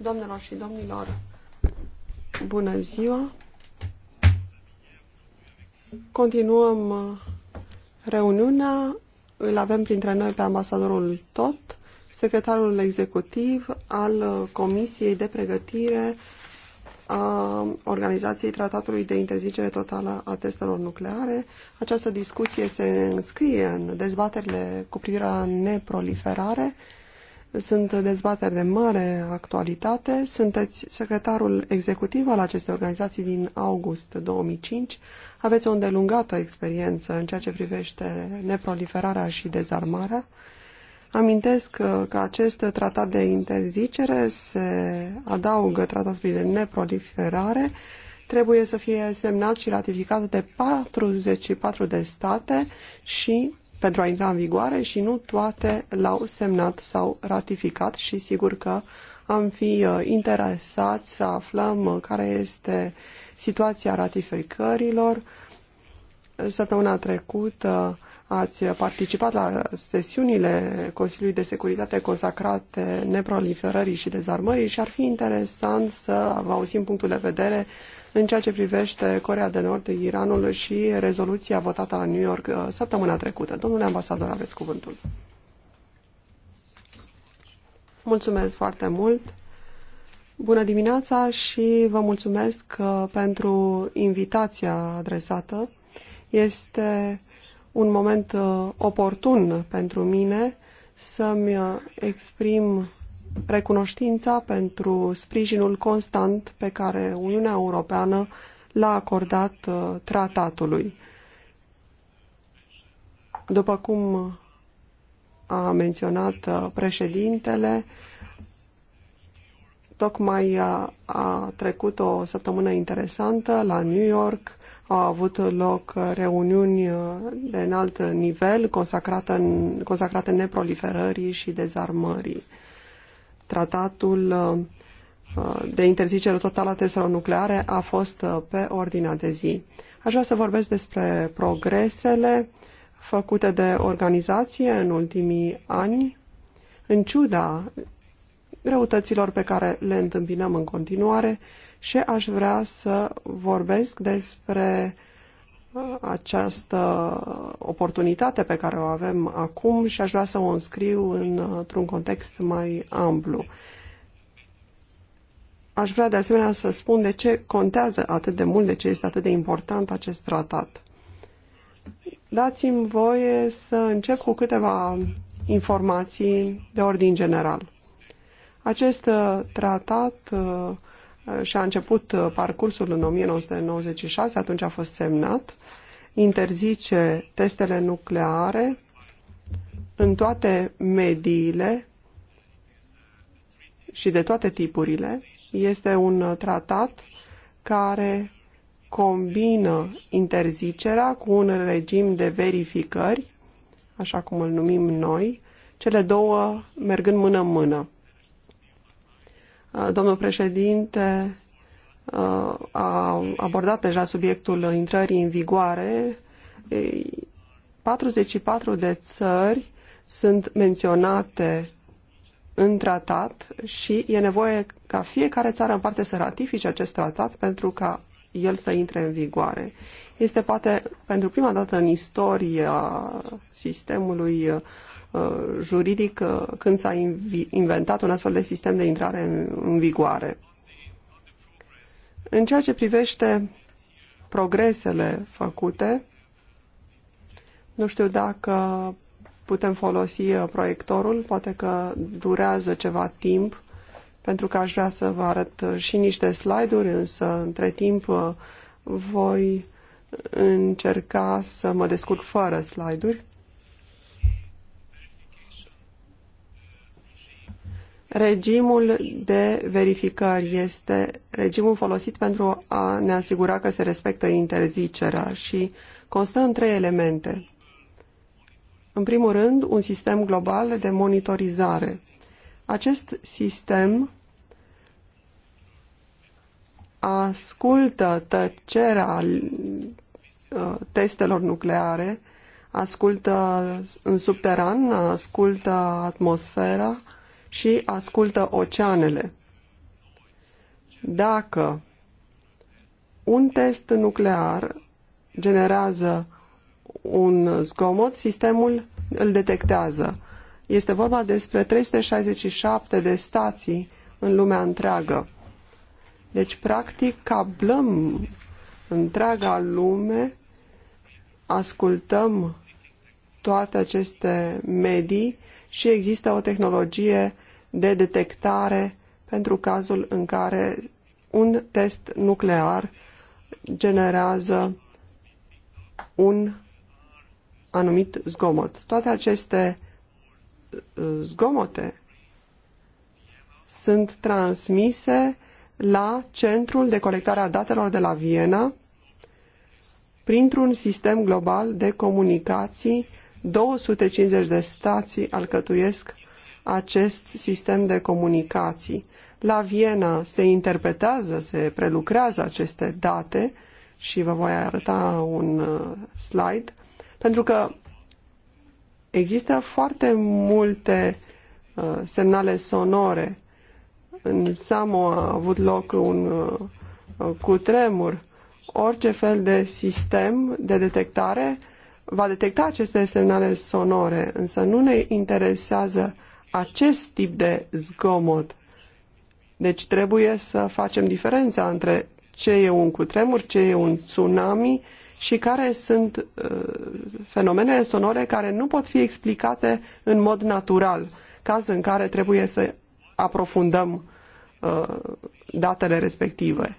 Doamnelor și domnilor, bună ziua! Continuăm uh, reuniunea. Îl avem printre noi pe ambasadorul Tot, secretarul executiv al uh, Comisiei de Pregătire a Organizației Tratatului de Interzicere Totală a Testelor Nucleare. Această discuție se înscrie în dezbaterile cu privire la neproliferare sunt dezbateri de mare actualitate. Sunteți secretarul executiv al acestei organizații din august 2005. Aveți o îndelungată experiență în ceea ce privește neproliferarea și dezarmarea. Amintesc că acest tratat de interzicere se adaugă tratatului de neproliferare, trebuie să fie semnat și ratificat de 44 de state și pentru a intra în vigoare și nu toate l-au semnat sau ratificat și sigur că am fi uh, interesați să aflăm uh, care este situația ratificărilor. Săptămâna trecută ați participat la sesiunile Consiliului de Securitate consacrate neproliferării și dezarmării și ar fi interesant să vă auzim punctul de vedere în ceea ce privește Corea de Nord, Iranul și rezoluția votată la New York uh, săptămâna trecută. Domnule ambasador, aveți cuvântul. Mulțumesc foarte mult. Bună dimineața și vă mulțumesc uh, pentru invitația adresată. Este un moment uh, oportun pentru mine să-mi exprim recunoștința pentru sprijinul constant pe care Uniunea Europeană l-a acordat uh, tratatului. După cum a menționat uh, președintele, tocmai a, uh, a trecut o săptămână interesantă la New York. Au avut loc reuniuni de înalt nivel consacrate, în, consacrate neproliferării și dezarmării tratatul uh, de interzicere totală a testelor nucleare a fost uh, pe ordinea de zi. Aș vrea să vorbesc despre progresele făcute de organizație în ultimii ani, în ciuda greutăților pe care le întâmpinăm în continuare și aș vrea să vorbesc despre această oportunitate pe care o avem acum și aș vrea să o înscriu într-un context mai amplu. Aș vrea de asemenea să spun de ce contează atât de mult, de ce este atât de important acest tratat. Dați-mi voie să încep cu câteva informații de ordin general. Acest uh, tratat uh, Uh, și-a început uh, parcursul în 1996, atunci a fost semnat, interzice testele nucleare în toate mediile și de toate tipurile. Este un uh, tratat care combină interzicerea cu un regim de verificări, așa cum îl numim noi, cele două mergând mână-mână. Uh, domnul președinte uh, a abordat deja subiectul intrării în vigoare. 44 de țări sunt menționate în tratat și e nevoie ca fiecare țară în parte să ratifice acest tratat pentru ca el să intre în vigoare. Este poate pentru prima dată în istoria sistemului Uh, juridic uh, când s-a inventat un astfel de sistem de intrare în vigoare. În ceea ce privește progresele făcute, nu știu dacă putem folosi uh, proiectorul, poate că durează ceva timp, pentru că aș vrea să vă arăt și niște slide-uri, însă între timp voi încerca să mă descurc fără slide-uri. Regimul de verificări este regimul folosit pentru a ne asigura că se respectă interzicerea și constă în trei elemente. În primul rând, un sistem global de monitorizare. Acest sistem ascultă tăcerea uh, testelor nucleare, ascultă în subteran, ascultă atmosfera, și ascultă oceanele. Dacă un test nuclear generează un zgomot, sistemul îl detectează. Este vorba despre 367 de stații în lumea întreagă. Deci, practic, cablăm întreaga lume, ascultăm toate aceste medii și există o tehnologie de detectare pentru cazul în care un test nuclear generează un anumit zgomot. Toate aceste uh, zgomote sunt transmise la Centrul de Colectare a Datelor de la Viena printr-un sistem global de comunicații 250 de stații alcătuiesc acest sistem de comunicații. La Viena se interpretează, se prelucrează aceste date și vă voi arăta un uh, slide, pentru că există foarte multe uh, semnale sonore. În Samoa a avut loc un uh, cutremur. Orice fel de sistem de detectare va detecta aceste semnale sonore, însă nu ne interesează acest tip de zgomot. Deci trebuie să facem diferența între ce e un cutremur, ce e un tsunami și care sunt uh, fenomenele sonore care nu pot fi explicate în mod natural, caz în care trebuie să aprofundăm uh, datele respective.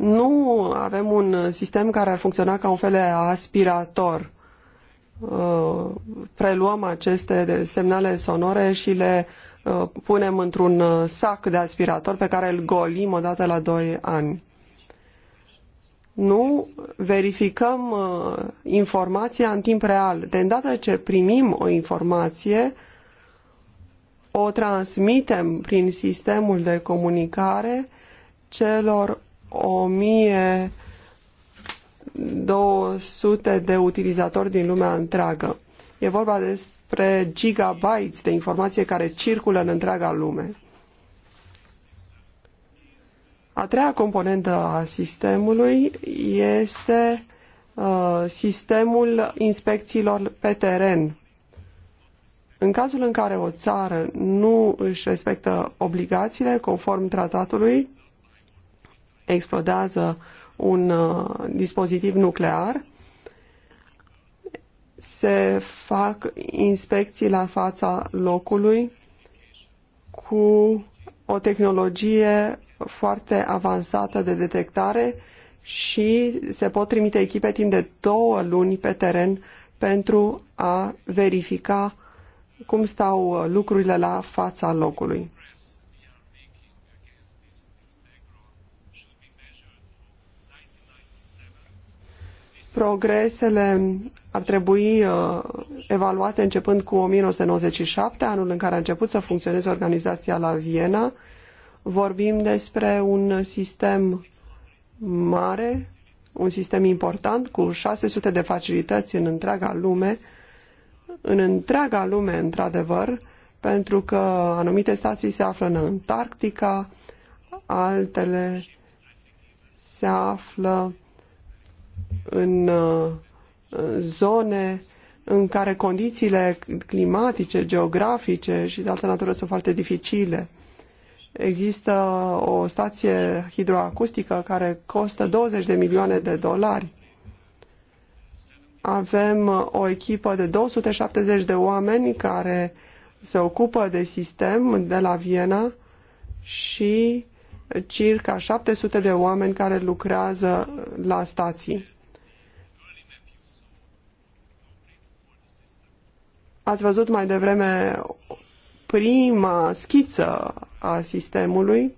Nu avem un sistem care ar funcționa ca un fel de aspirator. Uh, preluăm aceste semnale sonore și le uh, punem într-un uh, sac de aspirator pe care îl golim odată la doi ani. Nu verificăm informația în timp real. De îndată ce primim o informație, o transmitem prin sistemul de comunicare celor 1200 de utilizatori din lumea întreagă. E vorba despre gigabytes de informație care circulă în întreaga lume. A treia componentă a sistemului este uh, sistemul inspecțiilor pe teren. În cazul în care o țară nu își respectă obligațiile conform tratatului, explodează un uh, dispozitiv nuclear, se fac inspecții la fața locului cu o tehnologie foarte avansată de detectare și se pot trimite echipe timp de două luni pe teren pentru a verifica cum stau lucrurile la fața locului. Progresele ar trebui uh, evaluate începând cu 1997, anul în care a început să funcționeze organizația la Viena. Vorbim despre un sistem mare, un sistem important cu 600 de facilități în întreaga lume, în întreaga lume, într-adevăr, pentru că anumite stații se află în Antarctica, altele se află în uh, zone în care condițiile climatice, geografice și de altă natură sunt foarte dificile. Există o stație hidroacustică care costă 20 de milioane de dolari. Avem o echipă de 270 de oameni care se ocupă de sistem de la Viena și circa 700 de oameni care lucrează la stații. Ați văzut mai devreme prima schiță a sistemului.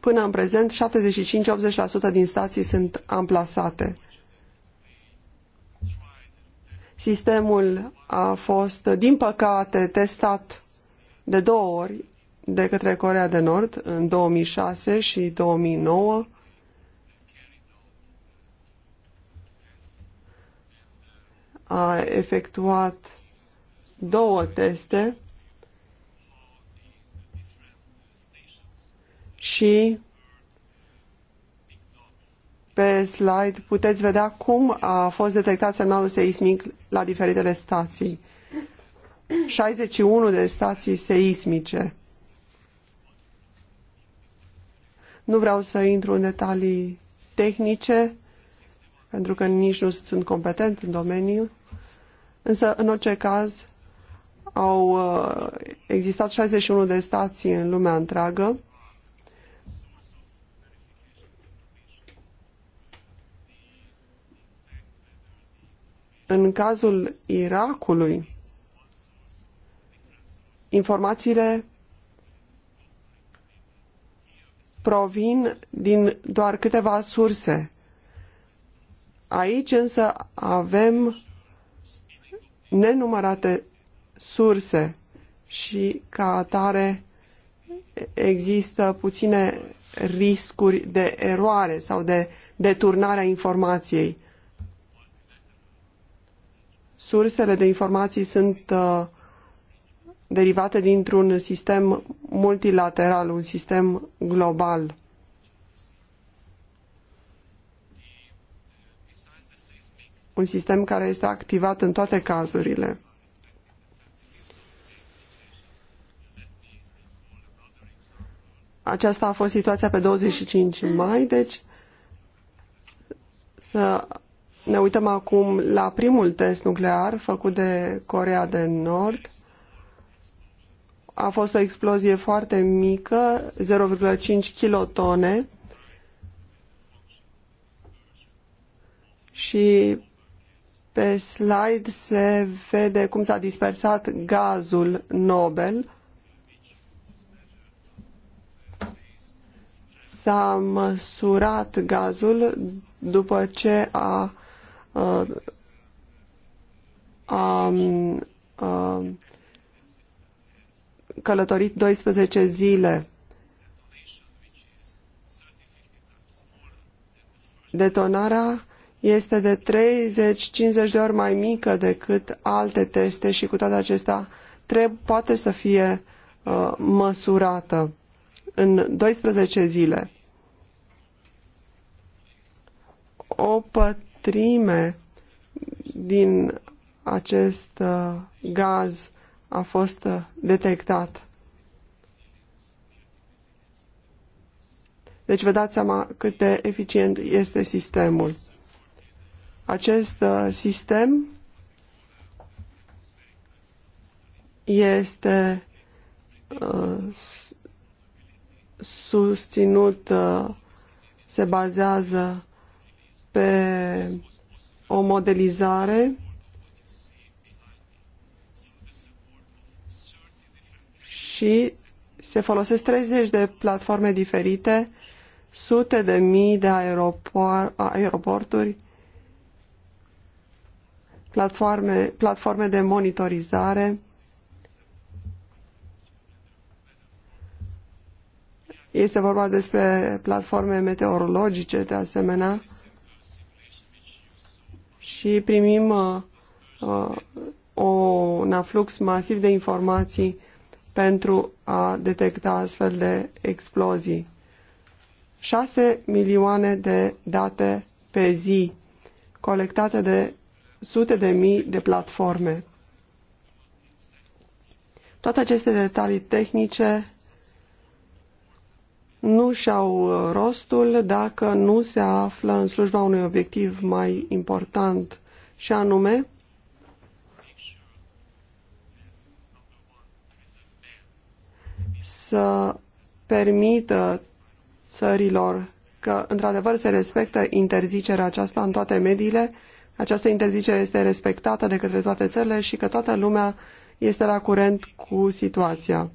Până în prezent, 75-80% din stații sunt amplasate. Sistemul a fost, din păcate, testat de două ori de către Corea de Nord în 2006 și 2009 a efectuat două teste și pe slide puteți vedea cum a fost detectat semnalul seismic la diferitele stații. 61 de stații seismice. Nu vreau să intru în detalii tehnice, pentru că nici nu sunt competent în domeniu. Însă, în orice caz, au uh, existat 61 de stații în lumea întreagă. În cazul Irakului, informațiile provin din doar câteva surse. Aici însă avem nenumărate surse și ca atare există puține riscuri de eroare sau de deturnare a informației. Sursele de informații sunt uh, derivate dintr-un sistem multilateral, un sistem global. un sistem care este activat în toate cazurile. Aceasta a fost situația pe 25 mai, deci să ne uităm acum la primul test nuclear făcut de Corea de Nord. A fost o explozie foarte mică, 0,5 kilotone. Și pe slide se vede cum s-a dispersat gazul Nobel. S-a măsurat gazul după ce a, a, a, a călătorit 12 zile. Detonarea este de 30-50 de ori mai mică decât alte teste și cu toate acestea trebuie, poate să fie uh, măsurată în 12 zile. O pătrime din acest uh, gaz a fost uh, detectat. Deci vă dați seama cât de eficient este sistemul. Acest uh, sistem este uh, susținut, uh, se bazează pe o modelizare și se folosesc 30 de platforme diferite, sute de mii de aeropor, aeroporturi platforme, platforme de monitorizare. Este vorba despre platforme meteorologice, de asemenea, și primim uh, uh o, un aflux masiv de informații pentru a detecta astfel de explozii. 6 milioane de date pe zi colectate de sute de mii de platforme. Toate aceste detalii tehnice nu și-au uh, rostul dacă nu se află în slujba unui obiectiv mai important, și anume să permită țărilor că într-adevăr se respectă interzicerea aceasta în toate mediile, această interzicere este respectată de către toate țările și că toată lumea este la curent cu situația.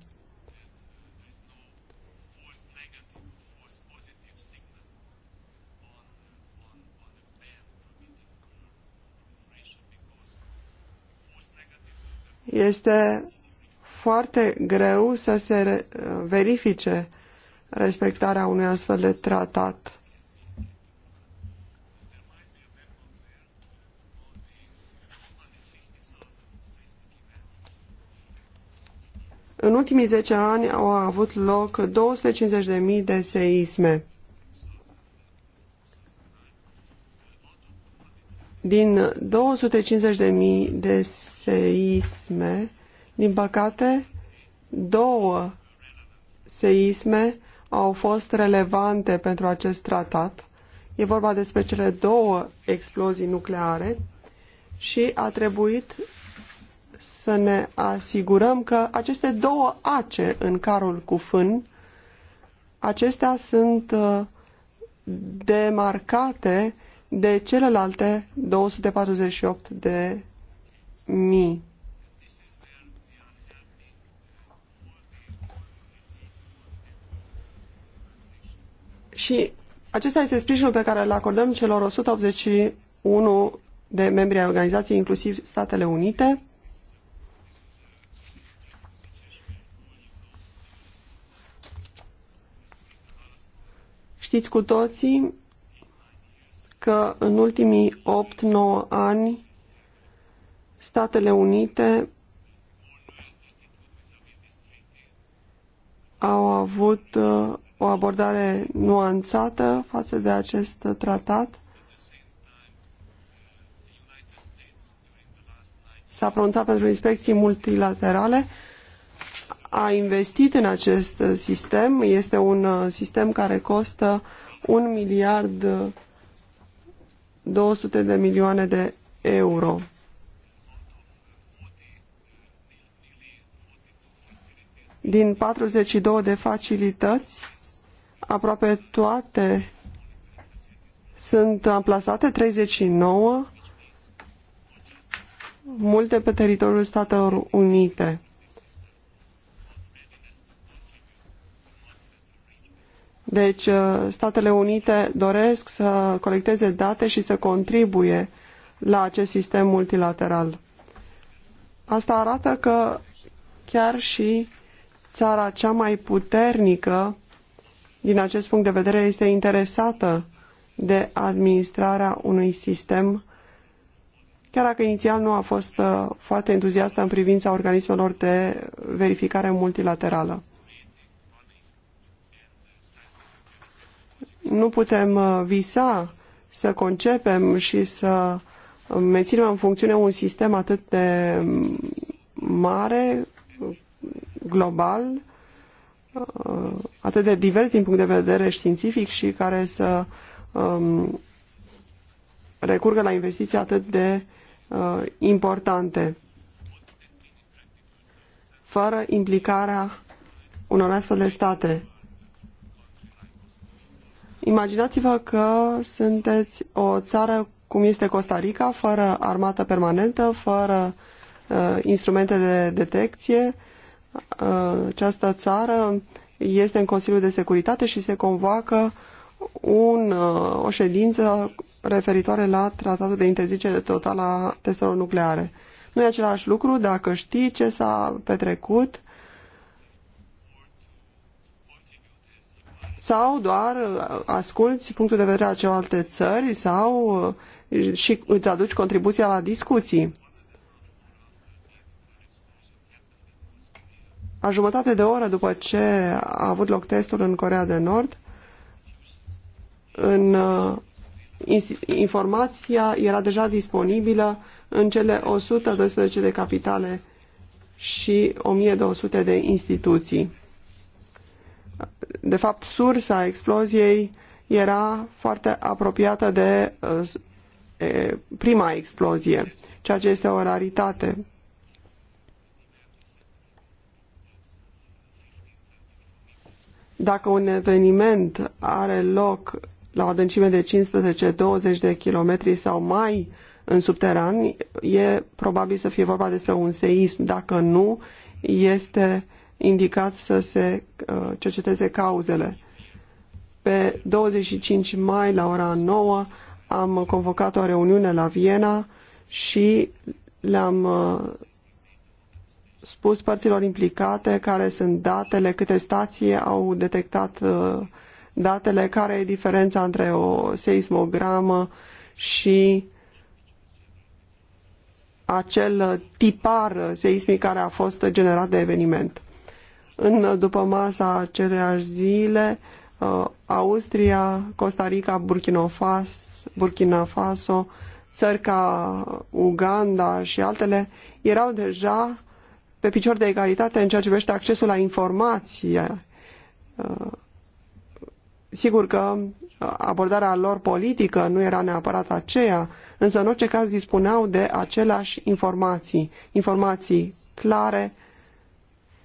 Este foarte greu să se verifice respectarea unui astfel de tratat. În ultimii 10 ani au avut loc 250.000 de seisme. Din 250.000 de seisme, din păcate, două seisme au fost relevante pentru acest tratat. E vorba despre cele două explozii nucleare și a trebuit să ne asigurăm că aceste două ace în carul cu fân, acestea sunt uh, demarcate de celelalte 248 de mii. Și acesta este sprijinul pe care îl acordăm celor 181 de membri ai organizației, inclusiv Statele Unite. Știți cu toții că în ultimii 8-9 ani Statele Unite au avut uh, o abordare nuanțată față de acest tratat. S-a pronunțat pentru inspecții multilaterale a investit în acest sistem. Este un uh, sistem care costă 1 miliard 200 uh, de milioane de euro. Din 42 de facilități, aproape toate sunt amplasate, 39, multe pe teritoriul Statelor Unite. Deci, uh, Statele Unite doresc să colecteze date și să contribuie la acest sistem multilateral. Asta arată că chiar și țara cea mai puternică, din acest punct de vedere, este interesată de administrarea unui sistem, chiar dacă inițial nu a fost uh, foarte entuziastă în privința organismelor de verificare multilaterală. Nu putem uh, visa să concepem și să uh, menținem în funcțiune un sistem atât de mm, mare, global, uh, atât de divers din punct de vedere științific și care să um, recurgă la investiții atât de uh, importante, fără implicarea unor astfel de state. Imaginați-vă că sunteți o țară cum este Costa Rica, fără armată permanentă, fără uh, instrumente de detecție. Uh, această țară este în Consiliul de Securitate și se convoacă un, uh, o ședință referitoare la tratatul de interzicere totală a testelor nucleare. Nu e același lucru dacă știi ce s-a petrecut sau doar uh, asculti punctul de vedere al celorlalte țări sau uh, și îți aduci contribuția la discuții. A jumătate de oră după ce a avut loc testul în Corea de Nord, în, uh, informația era deja disponibilă în cele 112 de capitale și 1200 de instituții de fapt, sursa exploziei era foarte apropiată de eh, prima explozie, ceea ce este o raritate. Dacă un eveniment are loc la o adâncime de 15-20 de kilometri sau mai în subteran, e probabil să fie vorba despre un seism. Dacă nu, este indicat să se uh, cerceteze cauzele. Pe 25 mai, la ora 9, am convocat o reuniune la Viena și le-am uh, spus părților implicate care sunt datele, câte stații au detectat uh, datele, care e diferența între o seismogramă și acel tipar seismic care a fost generat de eveniment în după masa aceleași zile, uh, Austria, Costa Rica, Burkina Faso, Burkina Faso, țări ca Uganda și altele erau deja pe picior de egalitate în ceea ce privește accesul la informație. Uh, sigur că abordarea lor politică nu era neapărat aceea, însă în orice caz dispuneau de aceleași informații, informații clare,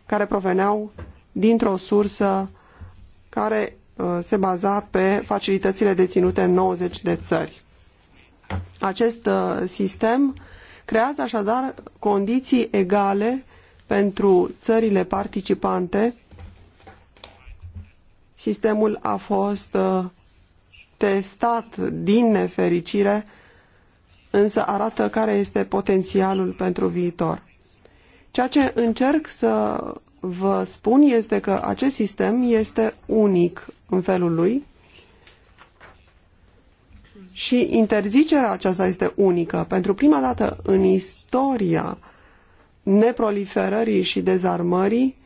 care proveneau dintr-o sursă care uh, se baza pe facilitățile deținute în 90 de țări. Acest uh, sistem creează așadar condiții egale pentru țările participante. Sistemul a fost uh, testat din nefericire, însă arată care este potențialul pentru viitor. Ceea ce încerc să vă spun este că acest sistem este unic în felul lui și interzicerea aceasta este unică. Pentru prima dată în istoria neproliferării și dezarmării,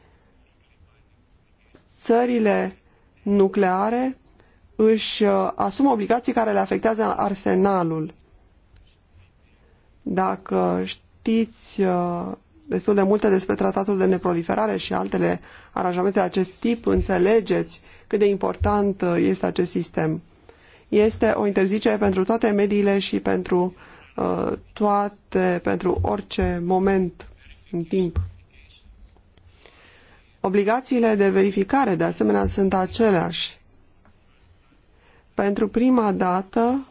țările nucleare își uh, asumă obligații care le afectează arsenalul. Dacă știți uh, destul de multe despre tratatul de neproliferare și altele aranjamente de acest tip, înțelegeți cât de important uh, este acest sistem. Este o interzicere pentru toate mediile și pentru uh, toate, pentru orice moment în timp. Obligațiile de verificare, de asemenea, sunt aceleași. Pentru prima dată,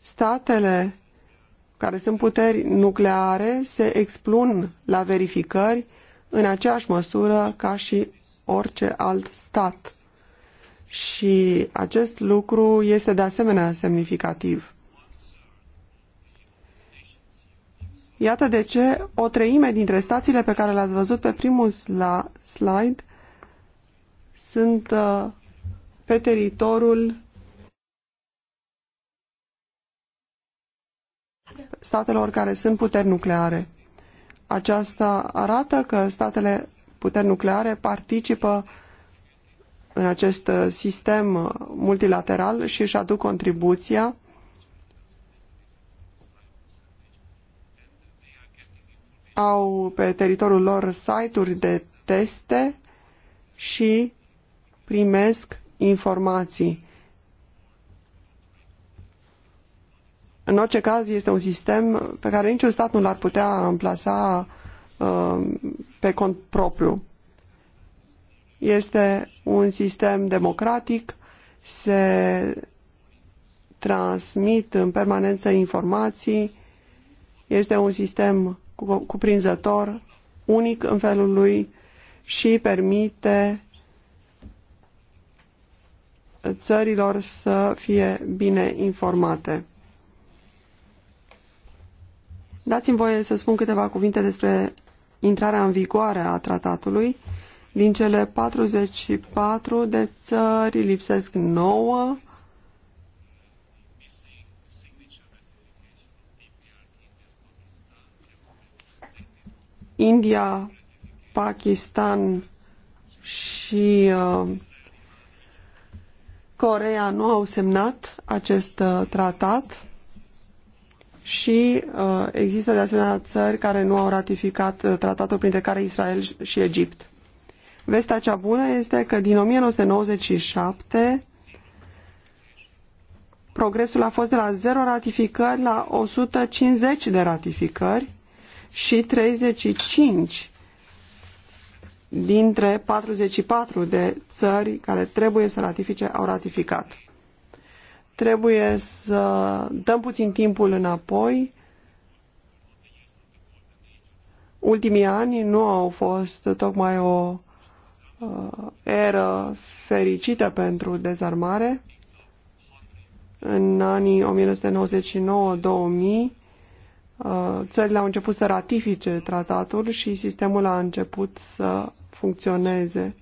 statele care sunt puteri nucleare se expun la verificări în aceeași măsură ca și orice alt stat. Și acest lucru este de asemenea semnificativ. Iată de ce o treime dintre stațiile pe care le-ați văzut pe primul slide sunt uh, pe teritoriul statelor care sunt puteri nucleare. Aceasta arată că statele puteri nucleare participă în acest sistem multilateral și își aduc contribuția au pe teritoriul lor site-uri de teste și primesc informații. În orice caz, este un sistem pe care niciun stat nu l-ar putea amplasa uh, pe cont propriu. Este un sistem democratic, se transmit în permanență informații, este un sistem cuprinzător, unic în felul lui și permite țărilor să fie bine informate. Dați-mi voie să spun câteva cuvinte despre intrarea în vigoare a tratatului. Din cele 44 de țări lipsesc 9. India, Pakistan și uh, Corea nu au semnat acest uh, tratat și uh, există de asemenea țări care nu au ratificat uh, tratatul, printre care Israel și Egipt. Vestea cea bună este că din 1997 progresul a fost de la 0 ratificări la 150 de ratificări și 35 dintre 44 de țări care trebuie să ratifice au ratificat trebuie să dăm puțin timpul înapoi. Ultimii ani nu au fost tocmai o era uh, eră fericită pentru dezarmare. În anii 1999-2000, uh, țările au început să ratifice tratatul și sistemul a început să funcționeze.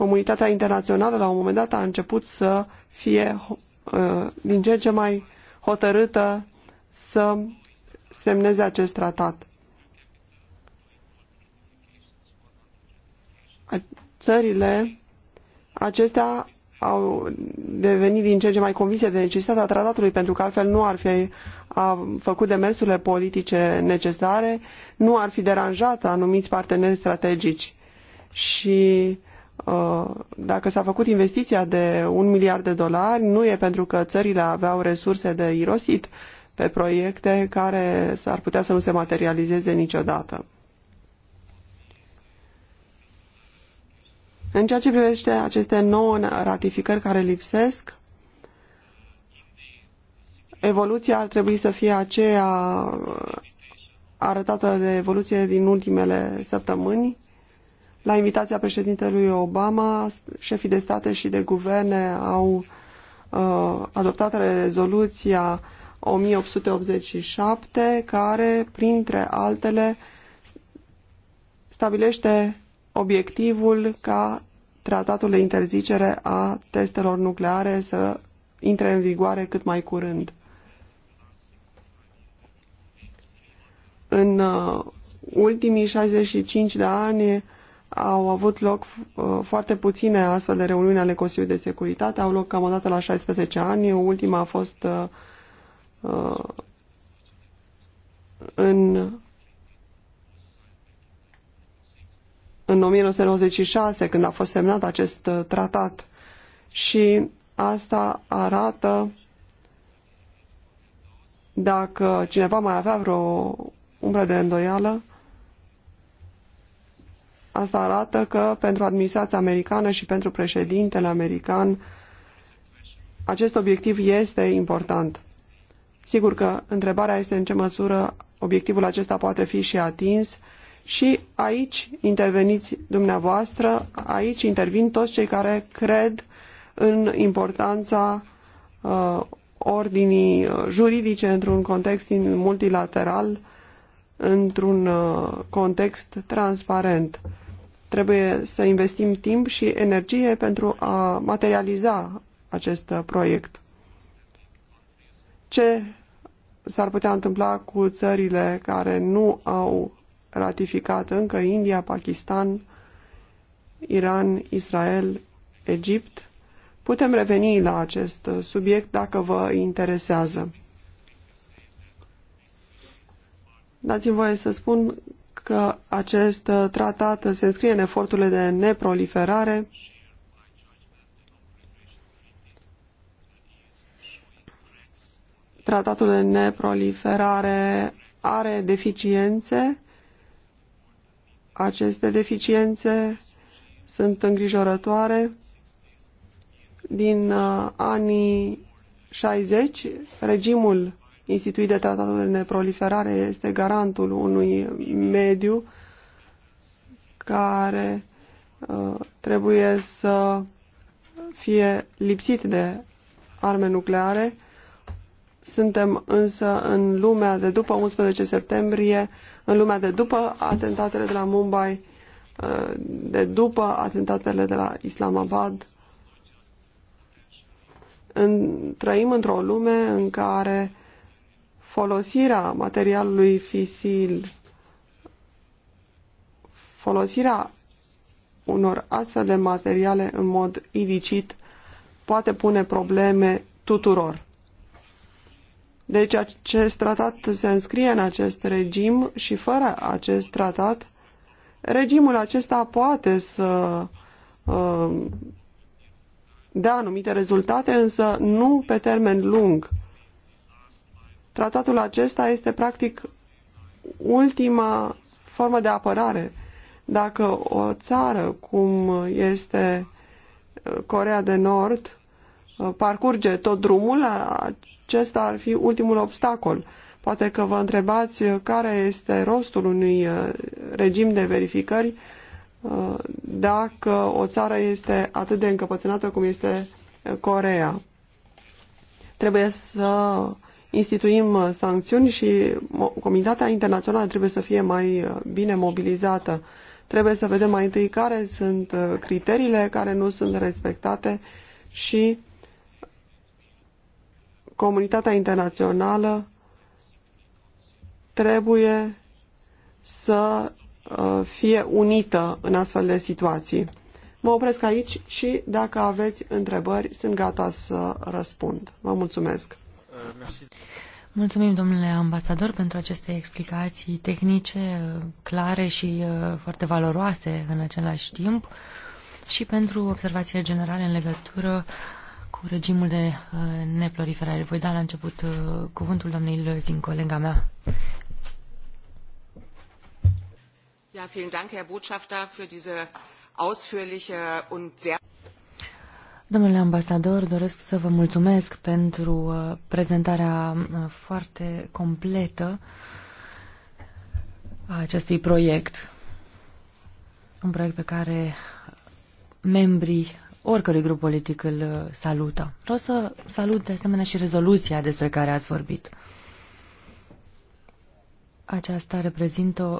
comunitatea internațională la un moment dat a început să fie uh, din ce în ce mai hotărâtă să semneze acest tratat. Țările acestea au devenit din ce în ce mai convinse de necesitatea tratatului, pentru că altfel nu ar fi a făcut demersurile politice necesare, nu ar fi deranjat anumiți parteneri strategici. Și Uh, dacă s-a făcut investiția de un miliard de dolari, nu e pentru că țările aveau resurse de irosit pe proiecte care s-ar putea să nu se materializeze niciodată. În ceea ce privește aceste nouă ratificări care lipsesc, evoluția ar trebui să fie aceea arătată de evoluție din ultimele săptămâni, la invitația președintelui Obama, șefii de state și de guverne au uh, adoptat rezoluția 1887, care, printre altele, stabilește obiectivul ca tratatul de interzicere a testelor nucleare să intre în vigoare cât mai curând. În uh, ultimii 65 de ani, au avut loc uh, foarte puține astfel de reuniuni ale Consiliului de Securitate, au loc cam o dată la 16 ani, ultima a fost uh, uh, în în 1996, când a fost semnat acest tratat. Și asta arată dacă cineva mai avea vreo umbră de îndoială, Asta arată că pentru administrația americană și pentru președintele american acest obiectiv este important. Sigur că întrebarea este în ce măsură obiectivul acesta poate fi și atins și aici interveniți dumneavoastră, aici intervin toți cei care cred în importanța uh, ordinii uh, juridice într-un context multilateral uh, într-un uh, context transparent. Trebuie să investim timp și energie pentru a materializa acest uh, proiect. Ce s-ar putea întâmpla cu țările care nu au ratificat încă India, Pakistan, Iran, Israel, Egipt? Putem reveni la acest uh, subiect dacă vă interesează. Dați-mi voie să spun că acest uh, tratat se înscrie în eforturile de neproliferare Tratatul de neproliferare are deficiențe. Aceste deficiențe sunt îngrijorătoare. Din uh, anii 60, regimul instituit de tratatul de neproliferare este garantul unui mediu care uh, trebuie să fie lipsit de arme nucleare. Suntem însă în lumea de după 11 septembrie, în lumea de după atentatele de la Mumbai, uh, de după atentatele de la Islamabad. În, trăim într-o lume în care folosirea materialului fisil, folosirea unor astfel de materiale în mod ilicit poate pune probleme tuturor. Deci acest tratat se înscrie în acest regim și fără acest tratat, regimul acesta poate să uh, dea anumite rezultate, însă nu pe termen lung. Tratatul acesta este practic ultima formă de apărare. Dacă o țară, cum este uh, Corea de Nord, uh, parcurge tot drumul, acesta ar fi ultimul obstacol. Poate că vă întrebați uh, care este rostul unui regim de verificări dacă o țară este atât de încăpățânată cum este Corea. Trebuie să instituim uh, sancțiuni și comunitatea internațională trebuie să fie mai uh, bine mobilizată. Trebuie să vedem mai întâi care sunt uh, criteriile care nu sunt respectate și comunitatea internațională trebuie să fie unită în astfel de situații. Mă opresc aici și dacă aveți întrebări, sunt gata să răspund. Vă mulțumesc! merci. Mulțumim, domnule ambasador, pentru aceste explicații tehnice clare și uh, foarte valoroase în același timp și pentru observațiile generale în legătură cu regimul de uh, neproliferare. Voi da la început uh, cuvântul doamnei Lăzin, colega mea. Ja, vielen Dank, Herr Botschafter, für diese ausführliche und sehr Domnule ambasador, doresc să vă mulțumesc pentru uh, prezentarea uh, foarte completă a acestui proiect. Un proiect pe care membrii oricărui grup politic îl uh, salută. Vreau să salut de asemenea și rezoluția despre care ați vorbit. Aceasta reprezintă o,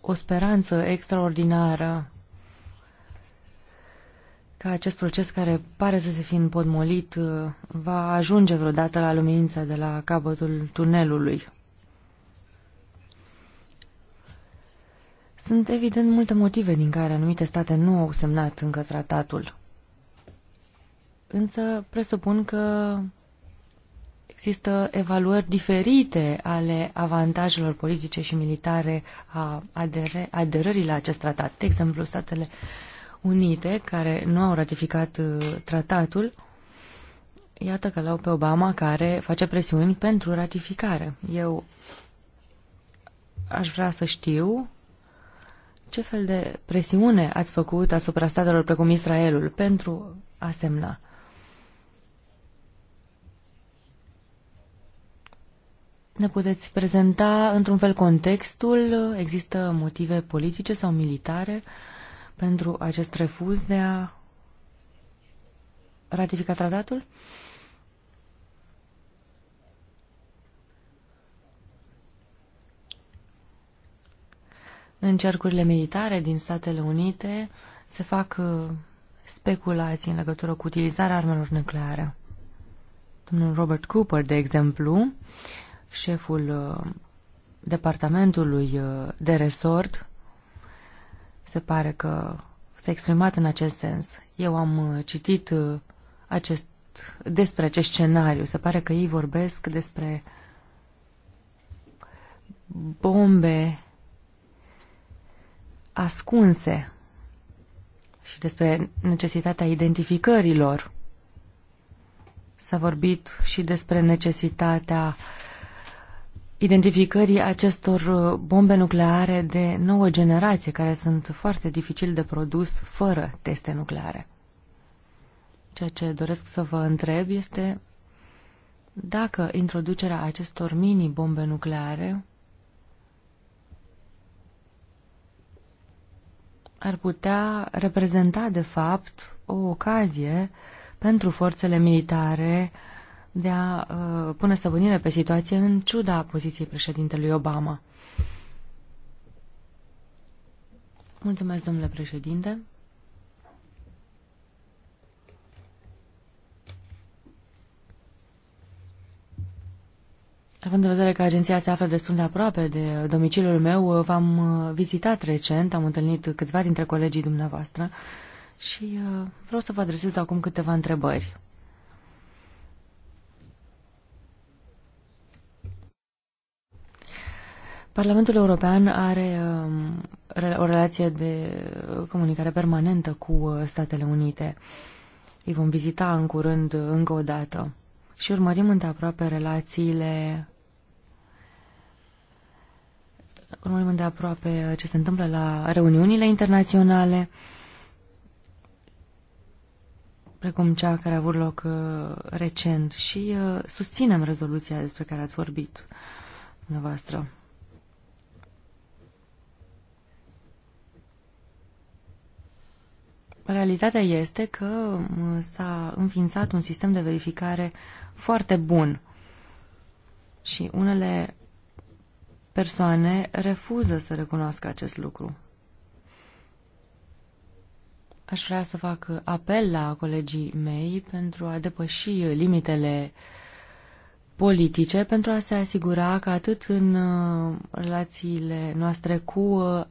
o speranță extraordinară că acest proces care pare să se fi împodmolit uh, va ajunge vreodată la luminița de la capătul tunelului. Sunt evident multe motive din care anumite state nu au semnat încă tratatul. Însă presupun că există evaluări diferite ale avantajelor politice și militare a aderării la acest tratat. De exemplu, statele Unite, care nu au ratificat uh, tratatul, iată că l-au pe Obama, care face presiuni pentru ratificare. Eu aș vrea să știu ce fel de presiune ați făcut asupra statelor precum Israelul pentru a semna. Ne puteți prezenta într-un fel contextul? Există motive politice sau militare? Uh, pentru acest refuz de a ratifica tratatul? În cercurile militare din Statele Unite se fac uh, speculații în legătură cu utilizarea armelor nucleare. Domnul Robert Cooper, de exemplu, șeful uh, departamentului uh, de resort se pare că s-a exprimat în acest sens. Eu am uh, citit uh, acest, despre acest scenariu. Se pare că ei vorbesc despre bombe ascunse și despre necesitatea identificărilor. S-a vorbit și despre necesitatea uh, identificării acestor uh, bombe nucleare de nouă generație, care sunt foarte dificil de produs fără teste nucleare. Ceea ce doresc să vă întreb este dacă introducerea acestor mini-bombe nucleare ar putea reprezenta, de fapt, o ocazie pentru forțele militare uh, de a uh, pune stăpânire pe situație în ciuda poziției președintelui Obama. Mulțumesc, domnule președinte. Având în vedere că agenția se află destul de aproape de domiciliul meu, uh, v-am uh, vizitat recent, am întâlnit câțiva dintre colegii dumneavoastră și uh, vreau să vă adresez acum câteva întrebări. Parlamentul European are um, o relație de uh, comunicare permanentă cu uh, Statele Unite. Îi vom vizita în curând uh, încă o dată și urmărim îndeaproape relațiile urmărim îndeaproape ce se întâmplă la reuniunile internaționale precum cea care a avut loc recent și susținem rezoluția despre care ați vorbit dumneavoastră. Realitatea este că s-a înființat un sistem de verificare foarte bun și unele persoane refuză să recunoască acest lucru. Aș vrea să fac apel la colegii mei pentru a depăși limitele politice, pentru a se asigura că atât în uh, relațiile noastre cu uh,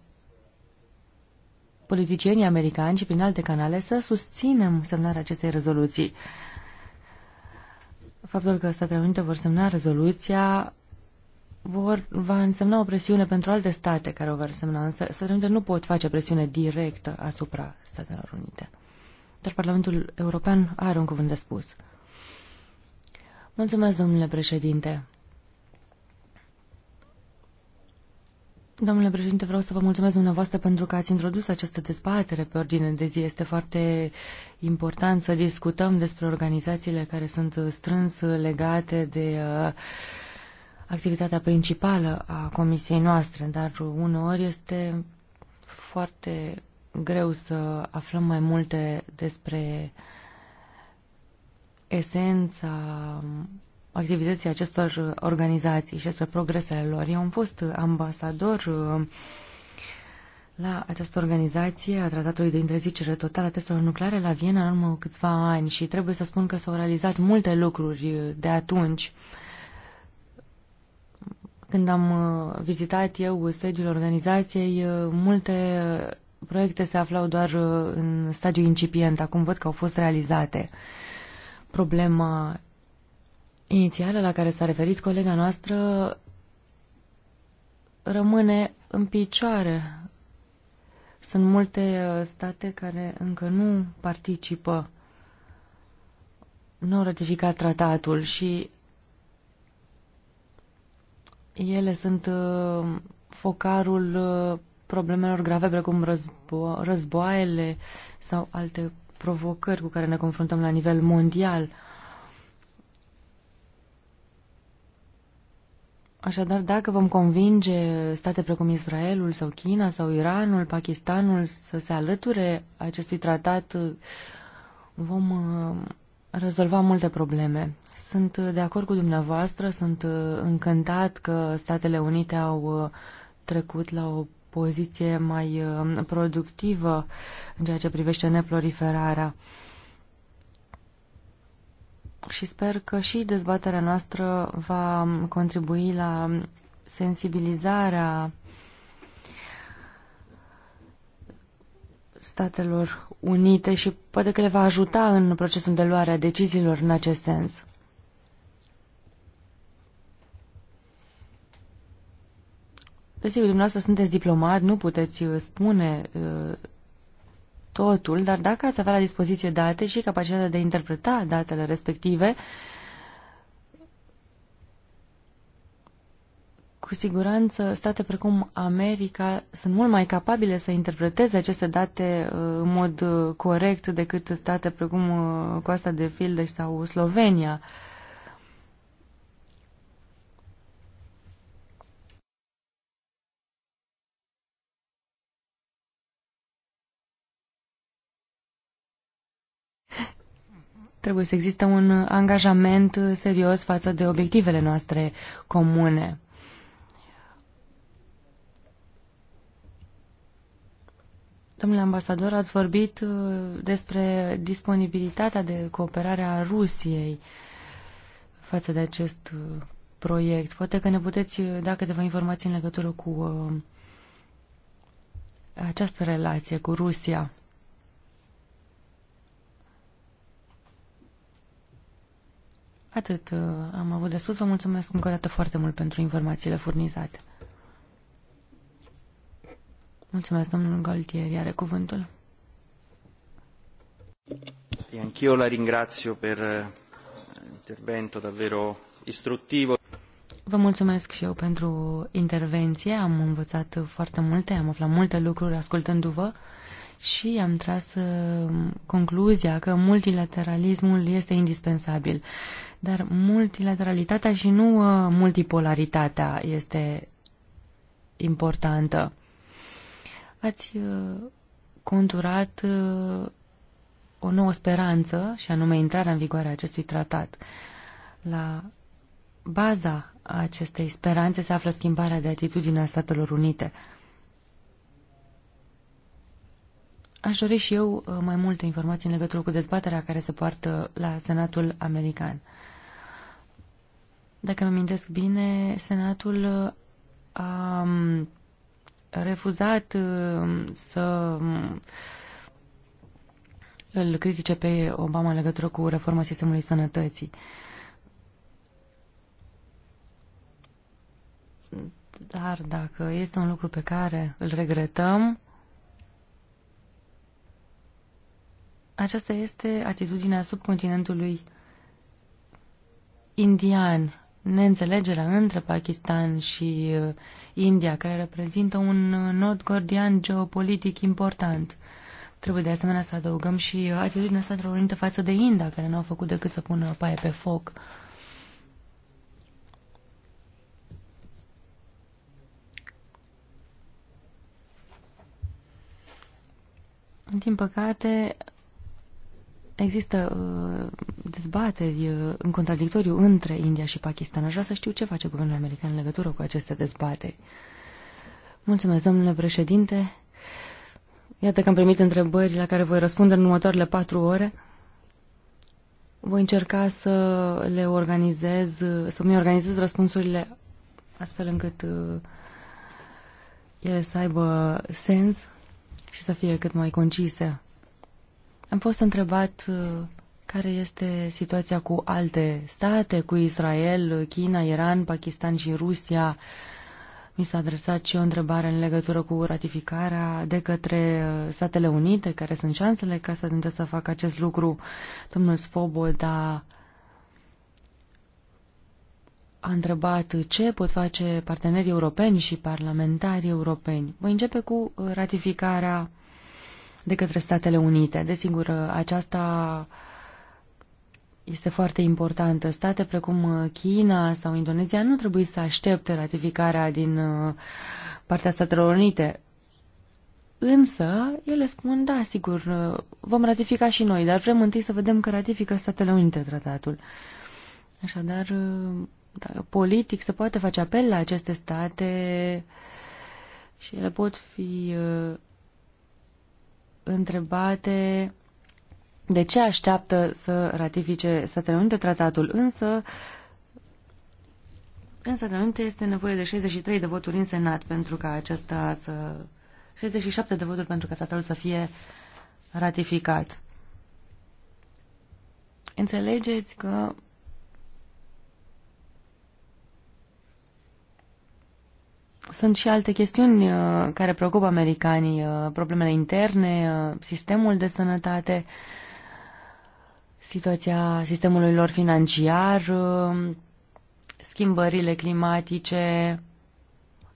politicienii americani și prin alte canale să susținem semnarea acestei rezoluții. Faptul că Statele Unite vor semna rezoluția vor, va însemna o presiune pentru alte state care o vor semna, însă Statele Unite nu pot face presiune directă asupra Statelor Unite. Dar Parlamentul European are un cuvânt de spus. Mulțumesc, domnule președinte. Domnule președinte, vreau să vă mulțumesc dumneavoastră pentru că ați introdus această dezbatere pe ordine de zi. Este foarte important să discutăm despre organizațiile care sunt strâns legate de uh, activitatea principală a comisiei noastre, dar uneori este foarte greu să aflăm mai multe despre esența activității acestor organizații și despre progresele lor. Eu am fost ambasador uh, la această organizație a Tratatului de Interzicere Totală a Testelor Nucleare la Viena în urmă câțiva ani și trebuie să spun că s-au realizat multe lucruri uh, de atunci. Când am uh, vizitat eu sediul organizației, multe proiecte se aflau doar în stadiu incipient, acum văd că au fost realizate. Problema inițială la care s-a referit colega noastră rămâne în picioare. Sunt multe uh, state care încă nu participă, nu au ratificat tratatul și ele sunt uh, focarul uh, problemelor grave precum războ- războaiele sau alte provocări cu care ne confruntăm la nivel mondial. Așadar, dacă vom convinge state precum Israelul sau China sau Iranul, Pakistanul să se alăture acestui tratat, vom uh, rezolva multe probleme. Sunt de acord cu dumneavoastră, sunt uh, încântat că Statele Unite au uh, trecut la o poziție mai productivă în ceea ce privește neproliferarea și sper că și dezbaterea noastră va contribui la sensibilizarea Statelor Unite și poate că le va ajuta în procesul de luare a deciziilor în acest sens. Desigur, dumneavoastră sunteți diplomat, nu puteți uh, spune uh, totul, dar dacă ați avea la dispoziție date și capacitatea de a interpreta datele respective, cu siguranță state precum America sunt mult mai capabile să interpreteze aceste date uh, în mod uh, corect decât state precum uh, Coasta de Fildeș sau Slovenia. Trebuie să existe un angajament serios față de obiectivele noastre comune. Domnule ambasador, ați vorbit uh, despre disponibilitatea de cooperare a Rusiei față de acest uh, proiect. Poate că ne puteți uh, da câteva informații în legătură cu această relație cu Rusia. Atât uh, am avut de spus. Vă mulțumesc încă o dată foarte mult pentru informațiile furnizate. Mulțumesc, domnul Galtier. Are cuvântul. Anch'io la ringrazio per eh, intervento davvero istruttivo. Vă mulțumesc și eu pentru intervenție. Am învățat foarte multe, am aflat multe lucruri ascultându-vă și am tras uh, concluzia că multilateralismul este indispensabil. Dar multilateralitatea și nu uh, multipolaritatea este importantă. Ați uh, conturat o nouă speranță, și anume intrarea în vigoare a acestui tratat. La baza acestei speranțe se află schimbarea de atitudine a Statelor Unite. Aș dori și eu uh, mai multe informații în legătură cu dezbaterea care se poartă la Senatul American. Dacă îmi amintesc bine, Senatul uh, a um, refuzat uh, să um, îl critique pe Obama în legătură cu reforma sistemului sănătății. Dar dacă este un lucru pe care îl regretăm, Aceasta este atitudinea subcontinentului indian, neînțelegerea între Pakistan și uh, India, care reprezintă un uh, nod gordian geopolitic important. Trebuie de asemenea să adăugăm și uh, atitudinea Statelor Unite față de India, care nu au făcut decât să pună paie pe foc. Din păcate, Există uh, dezbateri uh, în contradictoriu între India și Pakistan. Aș vrea să știu ce face guvernul american în legătură cu aceste dezbateri. Mulțumesc, domnule președinte. Iată că am primit întrebări la care voi răspunde în următoarele patru ore. Voi încerca să le organizez, să mi organizez răspunsurile astfel încât uh, ele să aibă sens și să fie cât mai concise. Am fost întrebat uh, care este situația cu alte state, cu Israel, China, Iran, Pakistan și Rusia. Mi s-a adresat și o întrebare în legătură cu ratificarea de către uh, Statele Unite, care sunt șansele ca să să facă acest lucru. Domnul Svoboda a întrebat ce pot face partenerii europeni și parlamentarii europeni. Voi începe cu uh, ratificarea de către Statele Unite. Desigur, aceasta este foarte importantă. State precum uh, China sau Indonezia nu trebuie să aștepte ratificarea din uh, partea Statelor Unite. Însă, ele spun, da, sigur, uh, vom ratifica și noi, dar vrem întâi să vedem că ratifică Statele Unite tratatul. Așadar, dacă politic se poate face apel la aceste state și ele pot fi întrebate de ce așteaptă să ratifice Statele Unite tratatul, însă în Statele Unite este nevoie de 63 de voturi în Senat pentru ca acesta să... 67 de voturi pentru ca tratatul să fie ratificat. Înțelegeți că Sunt și alte chestiuni uh, care preocupă americanii, uh, problemele interne, uh, sistemul de sănătate, situația sistemului lor financiar, schimbările climatice,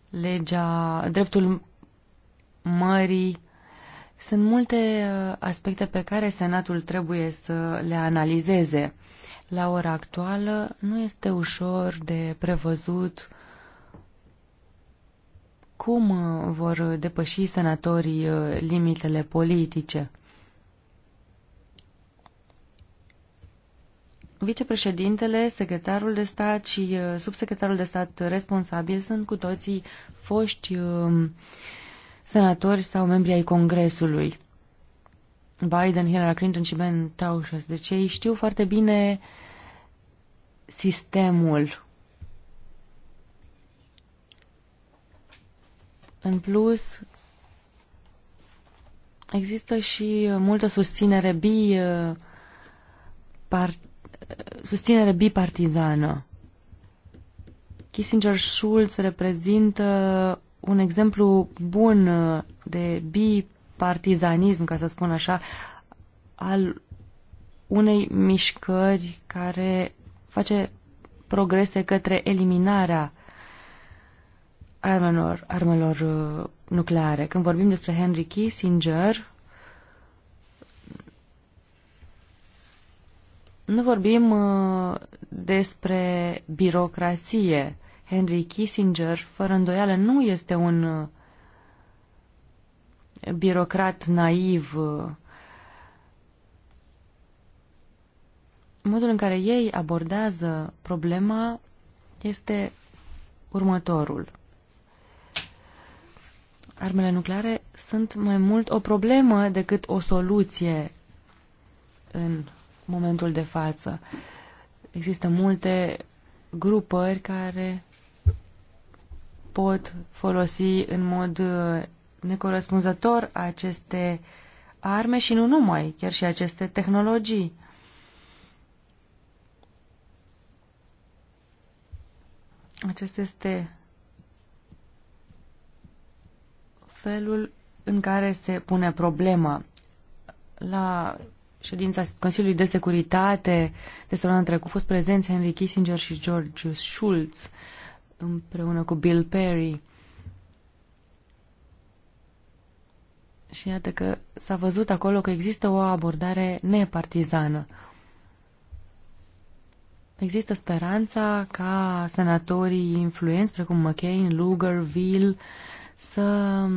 legea, dreptul mării. Sunt multe aspecte pe care Senatul trebuie să le analizeze. La ora actuală nu este ușor de prevăzut uh, cum uh, vor depăși senatorii uh, limitele politice. Vicepreședintele, secretarul de stat și uh, subsecretarul de stat responsabil sunt cu toții foști um, senatori sau membri ai Congresului. Biden, Hillary Clinton și Ben Tausches. Deci ei știu foarte bine sistemul În plus, există și multă susținere bi par, susținere bipartizană. Kissinger Schulz reprezintă un exemplu bun de bipartizanism, ca să spun așa, al unei mișcări care face progrese către eliminarea armelor, armelor uh, nucleare. Când vorbim despre Henry Kissinger, nu vorbim uh, despre birocrație. Henry Kissinger, fără îndoială, nu este un uh, birocrat naiv. Modul în care ei abordează problema este următorul armele nucleare sunt mai mult o problemă decât o soluție în momentul de față. Există multe grupări care pot folosi în mod uh, necorespunzător aceste arme și nu numai, chiar și aceste tehnologii. Acesta este felul în care se pune problema. La ședința Consiliului de Securitate de săptămâna trecută au fost prezenți Henry Kissinger și George Schultz împreună cu Bill Perry. Și iată că s-a văzut acolo că există o abordare nepartizană. Există speranța ca senatorii influenți, precum McCain, Lugar, Veal, să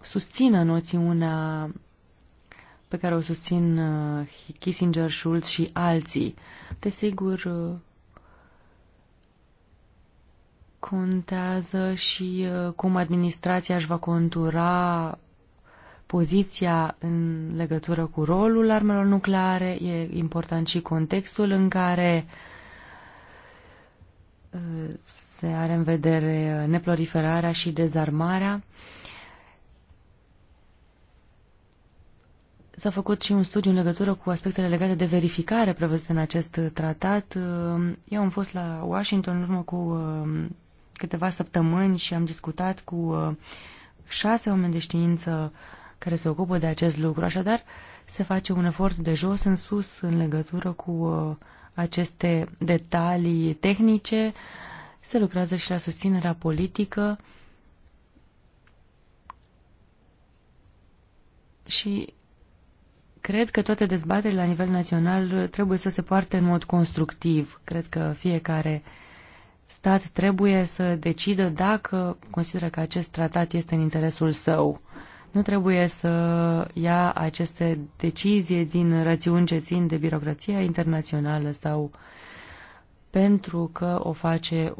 susțină noțiunea pe care o susțin uh, Kissinger, Schulz și alții. Desigur, uh, contează și uh, cum administrația își va contura poziția în legătură cu rolul armelor nucleare, e important și contextul în care se are în vedere uh, neproliferarea și dezarmarea. S-a făcut și un studiu în legătură cu aspectele legate de verificare prevăzute în acest uh, tratat. Uh, eu am fost la Washington în urmă cu câteva săptămâni și am discutat cu șase oameni de știință care se ocupă de acest lucru. Așadar, se face un efort de jos în sus în legătură cu aceste detalii tehnice se lucrează și la susținerea politică și cred că toate dezbaterile la nivel național trebuie să se poarte în mod constructiv. Cred că fiecare stat trebuie să decidă dacă consideră că acest tratat este în interesul său. Nu trebuie să ia aceste decizii din rațiuni ce țin de birocrația internațională sau pentru că o face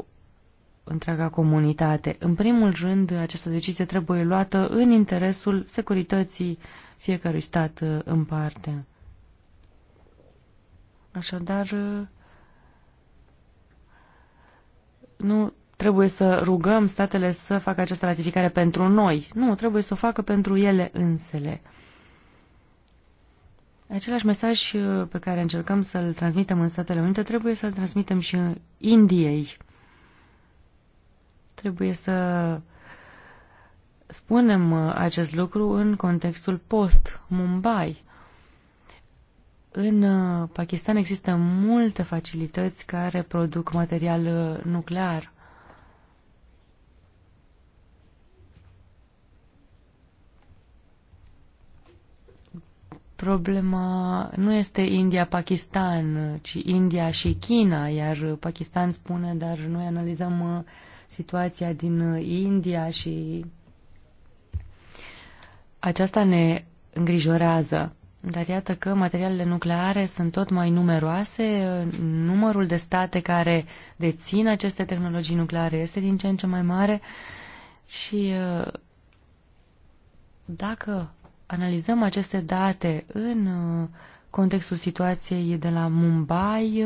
întreaga comunitate. În primul rând, această decizie trebuie luată în interesul securității fiecărui stat uh, în parte. Așadar, uh, nu trebuie să rugăm statele să facă această ratificare pentru noi. Nu, trebuie să o facă pentru ele însele. Același mesaj uh, pe care încercăm să-l transmitem în Statele Unite trebuie să-l transmitem și Indiei. Trebuie să spunem uh, acest lucru în contextul post-Mumbai. În uh, Pakistan există multe facilități care produc material uh, nuclear. Problema nu este India-Pakistan, ci India și China, iar Pakistan spune, dar noi analizăm uh, situația din uh, India și aceasta ne îngrijorează. Dar iată că materialele nucleare sunt tot mai numeroase, numărul de state care dețin aceste tehnologii nucleare este din ce în ce mai mare și uh, dacă analizăm aceste date în uh, contextul situației de la Mumbai,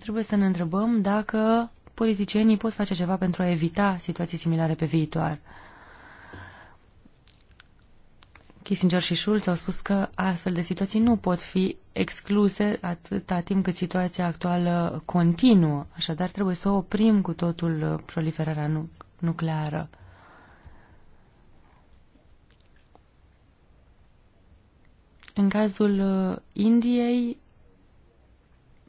Trebuie să ne întrebăm dacă politicienii pot face ceva pentru a evita situații similare pe viitor. Kissinger și Schulz au spus că astfel de situații nu pot fi excluse atâta timp cât situația actuală continuă. Așadar, trebuie să oprim cu totul proliferarea nucleară. În cazul uh, Indiei,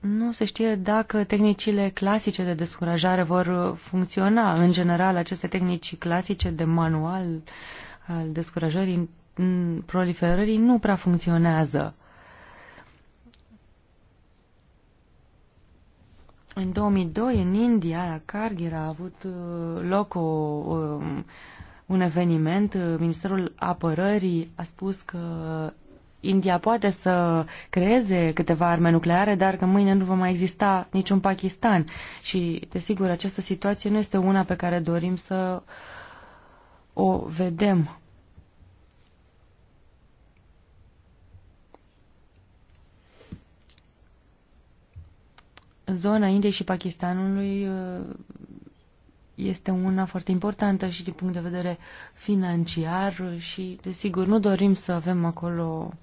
nu se știe dacă tehnicile clasice de descurajare vor funcționa. În general, aceste tehnici clasice de manual al descurajării, proliferării, nu prea funcționează. În 2002, în India, la Cargill, a avut uh, loc o, um, un eveniment. Ministerul Apărării a spus că India poate să creeze câteva arme nucleare, dar că mâine nu va mai exista niciun Pakistan. Și, desigur, această situație nu este una pe care dorim să o vedem. Zona Indiei și Pakistanului uh, este una foarte importantă și din punct de vedere financiar și, desigur, nu dorim să avem acolo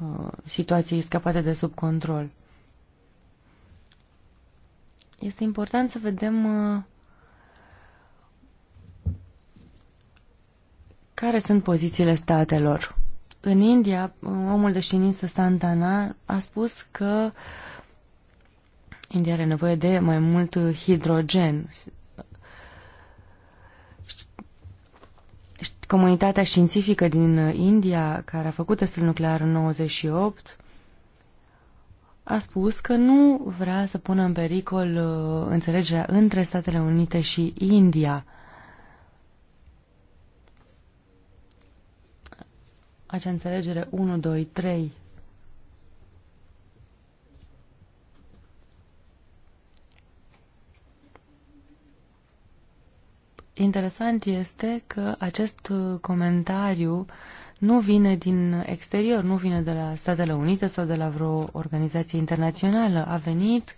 Uh, situației scăpate de sub control. Este important să vedem uh, care sunt pozițiile statelor. În India, uh, omul de știință Santana a spus că India are nevoie de mai mult hidrogen. comunitatea științifică din India, care a făcut testul nuclear în 98, a spus că nu vrea să pună în pericol uh, înțelegerea între Statele Unite și India. Acea înțelegere 1, 2, 3 interesant este că acest uh, comentariu nu vine din exterior, nu vine de la Statele Unite sau de la vreo organizație internațională. A venit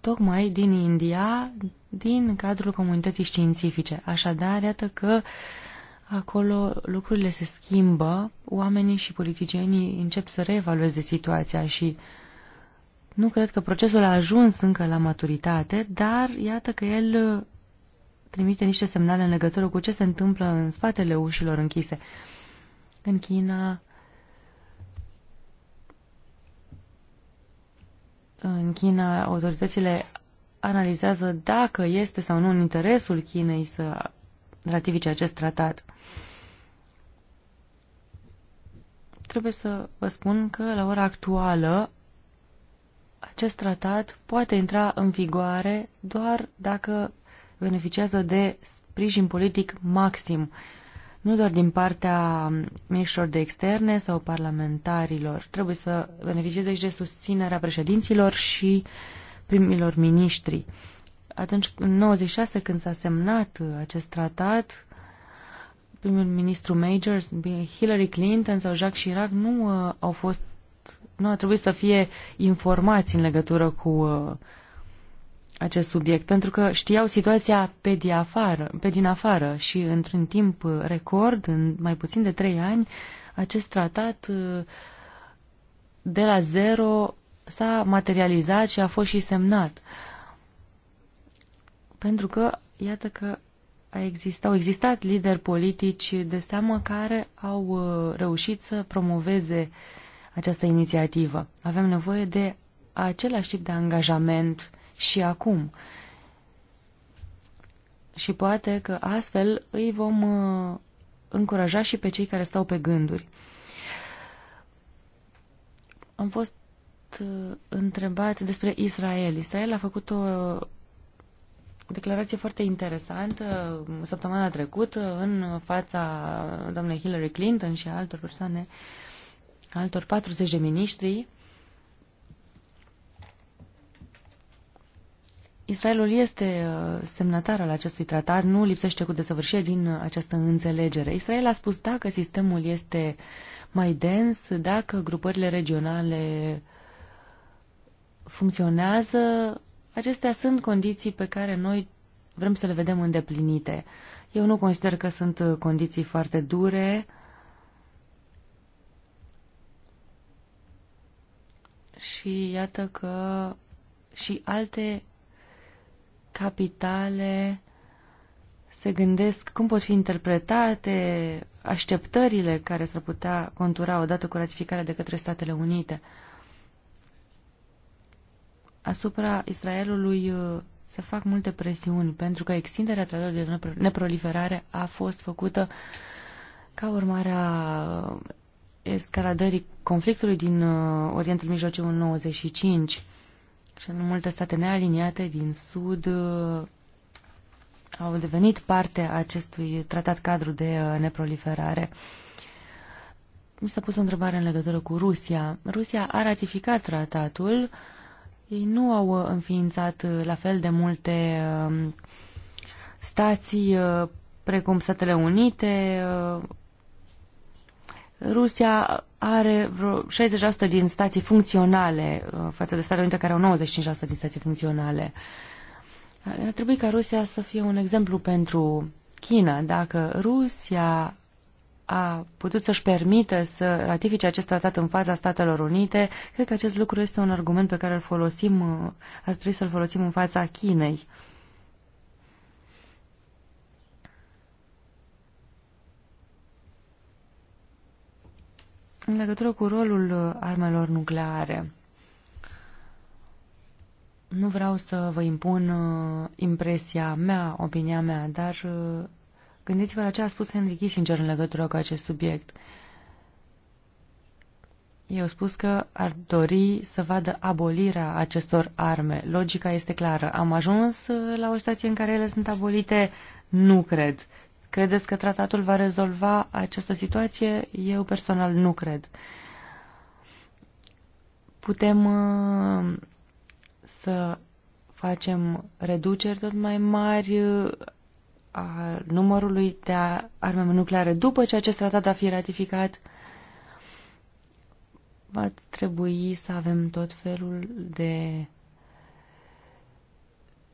tocmai din India, din cadrul comunității științifice. Așadar, iată că acolo lucrurile se schimbă, oamenii și politicienii încep să reevalueze situația și nu cred că procesul a ajuns încă la maturitate, dar iată că el trimite niște semnale în legătură cu ce se întâmplă în spatele ușilor închise. În China, în China autoritățile analizează dacă este sau nu în interesul Chinei să ratifice acest tratat. Trebuie să vă spun că la ora actuală acest tratat poate intra în vigoare doar dacă beneficiază de sprijin politic maxim, nu doar din partea ministrilor de externe sau parlamentarilor. Trebuie să beneficieze și de susținerea președinților și primilor miniștri. Atunci, în 96, când s-a semnat acest tratat, primul ministru Major, Hillary Clinton sau Jacques Chirac nu uh, au fost nu a trebuit să fie informați în legătură cu uh, acest subiect, pentru că știau situația pe, din afară, pe din afară și într-un timp record, în mai puțin de trei ani, acest tratat uh, de la zero s-a materializat și a fost și semnat. Pentru că, iată că a existat, au existat lideri politici de seamă care au uh, reușit să promoveze această inițiativă. Avem nevoie de același tip de angajament și acum. Și poate că astfel îi vom uh, încuraja și pe cei care stau pe gânduri. Am fost uh, întrebat despre Israel. Israel a făcut o uh, declarație foarte interesantă săptămâna trecută în fața doamnei Hillary Clinton și altor persoane, altor 40 de miniștri Israelul este uh, semnatar al acestui tratat, nu lipsește cu desăvârșire din această înțelegere. Israel a spus dacă sistemul este mai dens, dacă grupările regionale funcționează, acestea sunt condiții pe care noi vrem să le vedem îndeplinite. Eu nu consider că sunt condiții foarte dure. Și iată că și alte capitale se gândesc cum pot fi interpretate așteptările care s-ar putea contura odată cu ratificarea de către Statele Unite. Asupra Israelului uh, se fac multe presiuni pentru că extinderea tratatului de neproliferare a fost făcută ca urmare a uh, escaladării conflictului din uh, Orientul Mijlociu în 95 și în multe state nealiniate din Sud uh, au devenit parte a acestui tratat cadru de uh, neproliferare. Mi s-a pus o întrebare în legătură cu Rusia. Rusia a ratificat tratatul, ei nu au uh, înființat la fel de multe um, stații precum Statele Unite, Rusia are vreo 60% din stații funcționale uh, față de Statele Unite care au 95% din stații funcționale. Uh, ar trebui ca Rusia să fie un exemplu pentru China. Dacă Rusia a putut să-și permită să ratifice acest tratat în fața Statelor Unite, cred că acest lucru este un argument pe care îl folosim, uh, ar trebui să-l folosim în fața Chinei. în legătură cu rolul uh, armelor nucleare. Nu vreau să vă impun uh, impresia mea, opinia mea, dar uh, gândiți-vă la ce a spus Henry Kissinger în legătură cu acest subiect. Eu spus că ar dori să vadă abolirea acestor arme. Logica este clară. Am ajuns la o situație în care ele sunt abolite? Nu cred. Credeți că tratatul va rezolva această situație? Eu personal nu cred. Putem uh, să facem reduceri tot mai mari uh, a numărului de arme nucleare după ce acest tratat va fi ratificat va trebui să avem tot felul de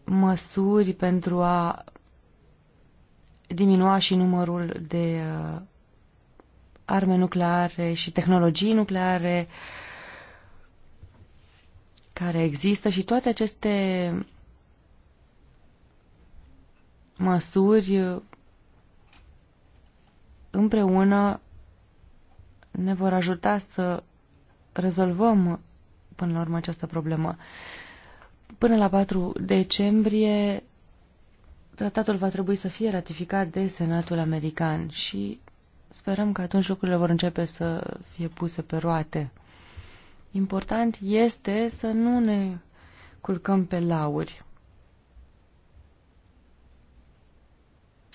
măsuri pentru a diminua și numărul de uh, arme nucleare și tehnologii nucleare care există și toate aceste măsuri uh, împreună ne vor ajuta să rezolvăm până la urmă această problemă. Până la 4 decembrie tratatul va trebui să fie ratificat de Senatul American și sperăm că atunci lucrurile vor începe să fie puse pe roate. Important este să nu ne culcăm pe lauri.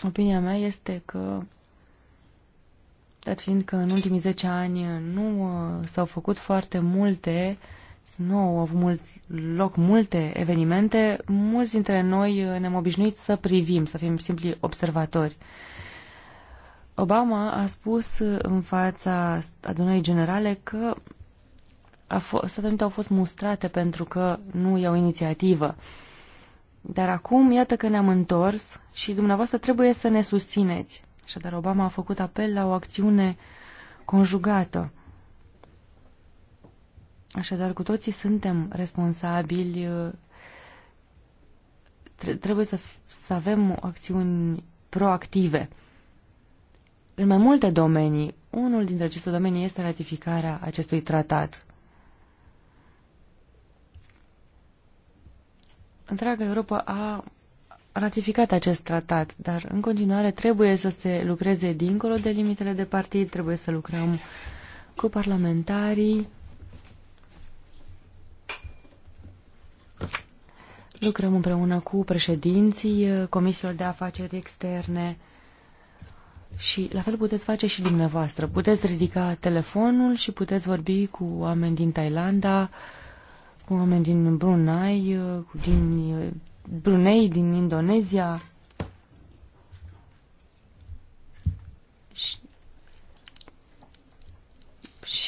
Opinia mea este că, dat fiind că în ultimii 10 ani nu uh, s-au făcut foarte multe uh, nu au avut mult, loc multe evenimente, mulți dintre noi uh, ne-am obișnuit să privim, să fim simpli observatori. Obama a spus uh, în fața adunării generale că Statele Unite au fost mustrate pentru că nu iau inițiativă. Dar acum, iată că ne-am întors și dumneavoastră trebuie să ne susțineți. Așadar, Obama a făcut apel la o acțiune conjugată. Așadar, cu toții suntem responsabili, trebuie să, să avem acțiuni proactive în mai multe domenii. Unul dintre aceste domenii este ratificarea acestui tratat. Întreaga Europa a ratificat acest tratat, dar în continuare trebuie să se lucreze dincolo de limitele de partid, trebuie să lucrăm cu parlamentarii, Lucrăm împreună cu președinții Comisiilor de Afaceri Externe și la fel puteți face și dumneavoastră. Puteți ridica telefonul și puteți vorbi cu oameni din Thailanda, cu oameni din Brunei, din Brunei, din Indonezia,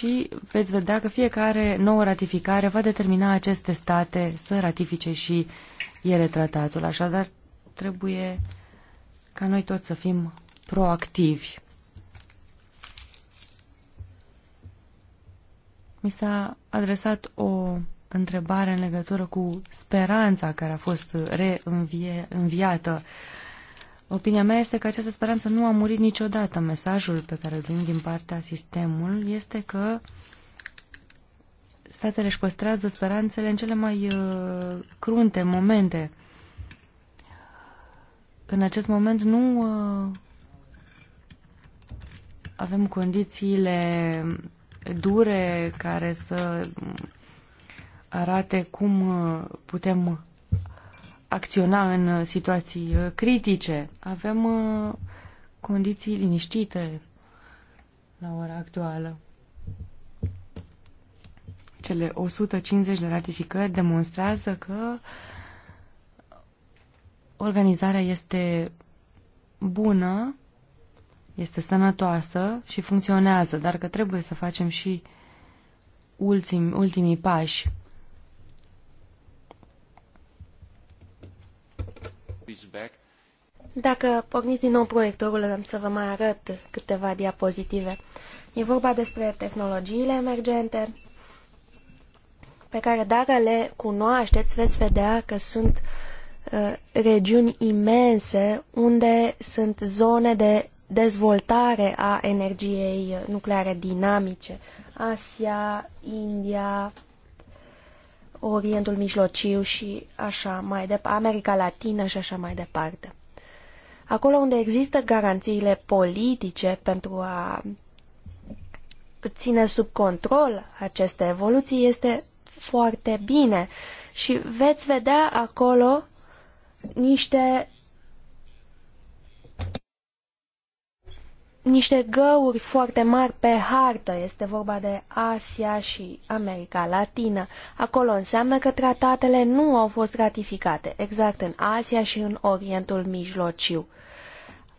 și veți vedea că fiecare nouă ratificare va determina aceste state să ratifice și ele tratatul. Așadar, trebuie ca noi toți să fim proactivi. Mi s-a adresat o întrebare în legătură cu speranța care a fost reînviată. Reînvie- Opinia mea este că această speranță nu a murit niciodată. Mesajul pe care îl primim din partea sistemului este că statele își păstrează speranțele în cele mai uh, crunte momente. În acest moment nu uh, avem condițiile dure care să arate cum uh, putem acționa în uh, situații uh, critice. Avem uh, condiții liniștite la ora actuală. Cele 150 de ratificări demonstrează că organizarea este bună, este sănătoasă și funcționează, dar că trebuie să facem și ultimi, ultimii pași back. Dacă porniți din nou proiectorul, am să vă mai arăt câteva diapozitive. E vorba despre tehnologiile emergente, pe care dacă le cunoașteți, veți vedea că sunt uh, regiuni imense unde sunt zone de dezvoltare a energiei uh, nucleare dinamice. Asia, India, Orientul Mijlociu și așa mai departe, America Latină și așa mai departe. Acolo unde există garanțiile politice pentru a ține sub control aceste evoluții este foarte bine și veți vedea acolo niște niște găuri foarte mari pe hartă. Este vorba de Asia și America Latină. Acolo înseamnă că tratatele nu au fost ratificate, exact în Asia și în Orientul Mijlociu.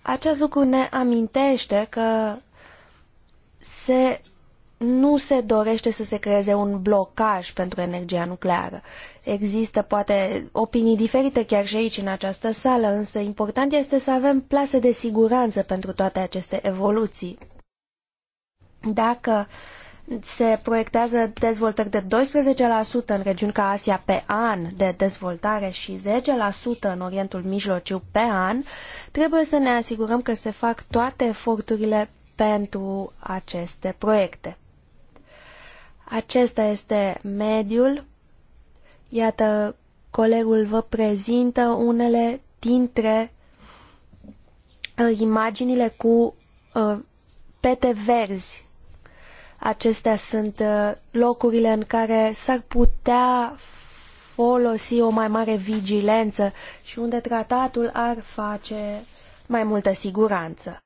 Acest lucru ne amintește că se, nu se dorește să se creeze un blocaj pentru energia nucleară. Există poate opinii diferite chiar și aici în această sală, însă important este să avem plase de siguranță pentru toate aceste evoluții. Dacă se proiectează dezvoltări de 12% în regiuni ca Asia pe an de dezvoltare și 10% în Orientul Mijlociu pe an, trebuie să ne asigurăm că se fac toate eforturile pentru aceste proiecte. Acesta este mediul Iată, colegul vă prezintă unele dintre uh, imaginile cu uh, pete verzi. Acestea sunt uh, locurile în care s-ar putea folosi o mai mare vigilență și unde tratatul ar face mai multă siguranță.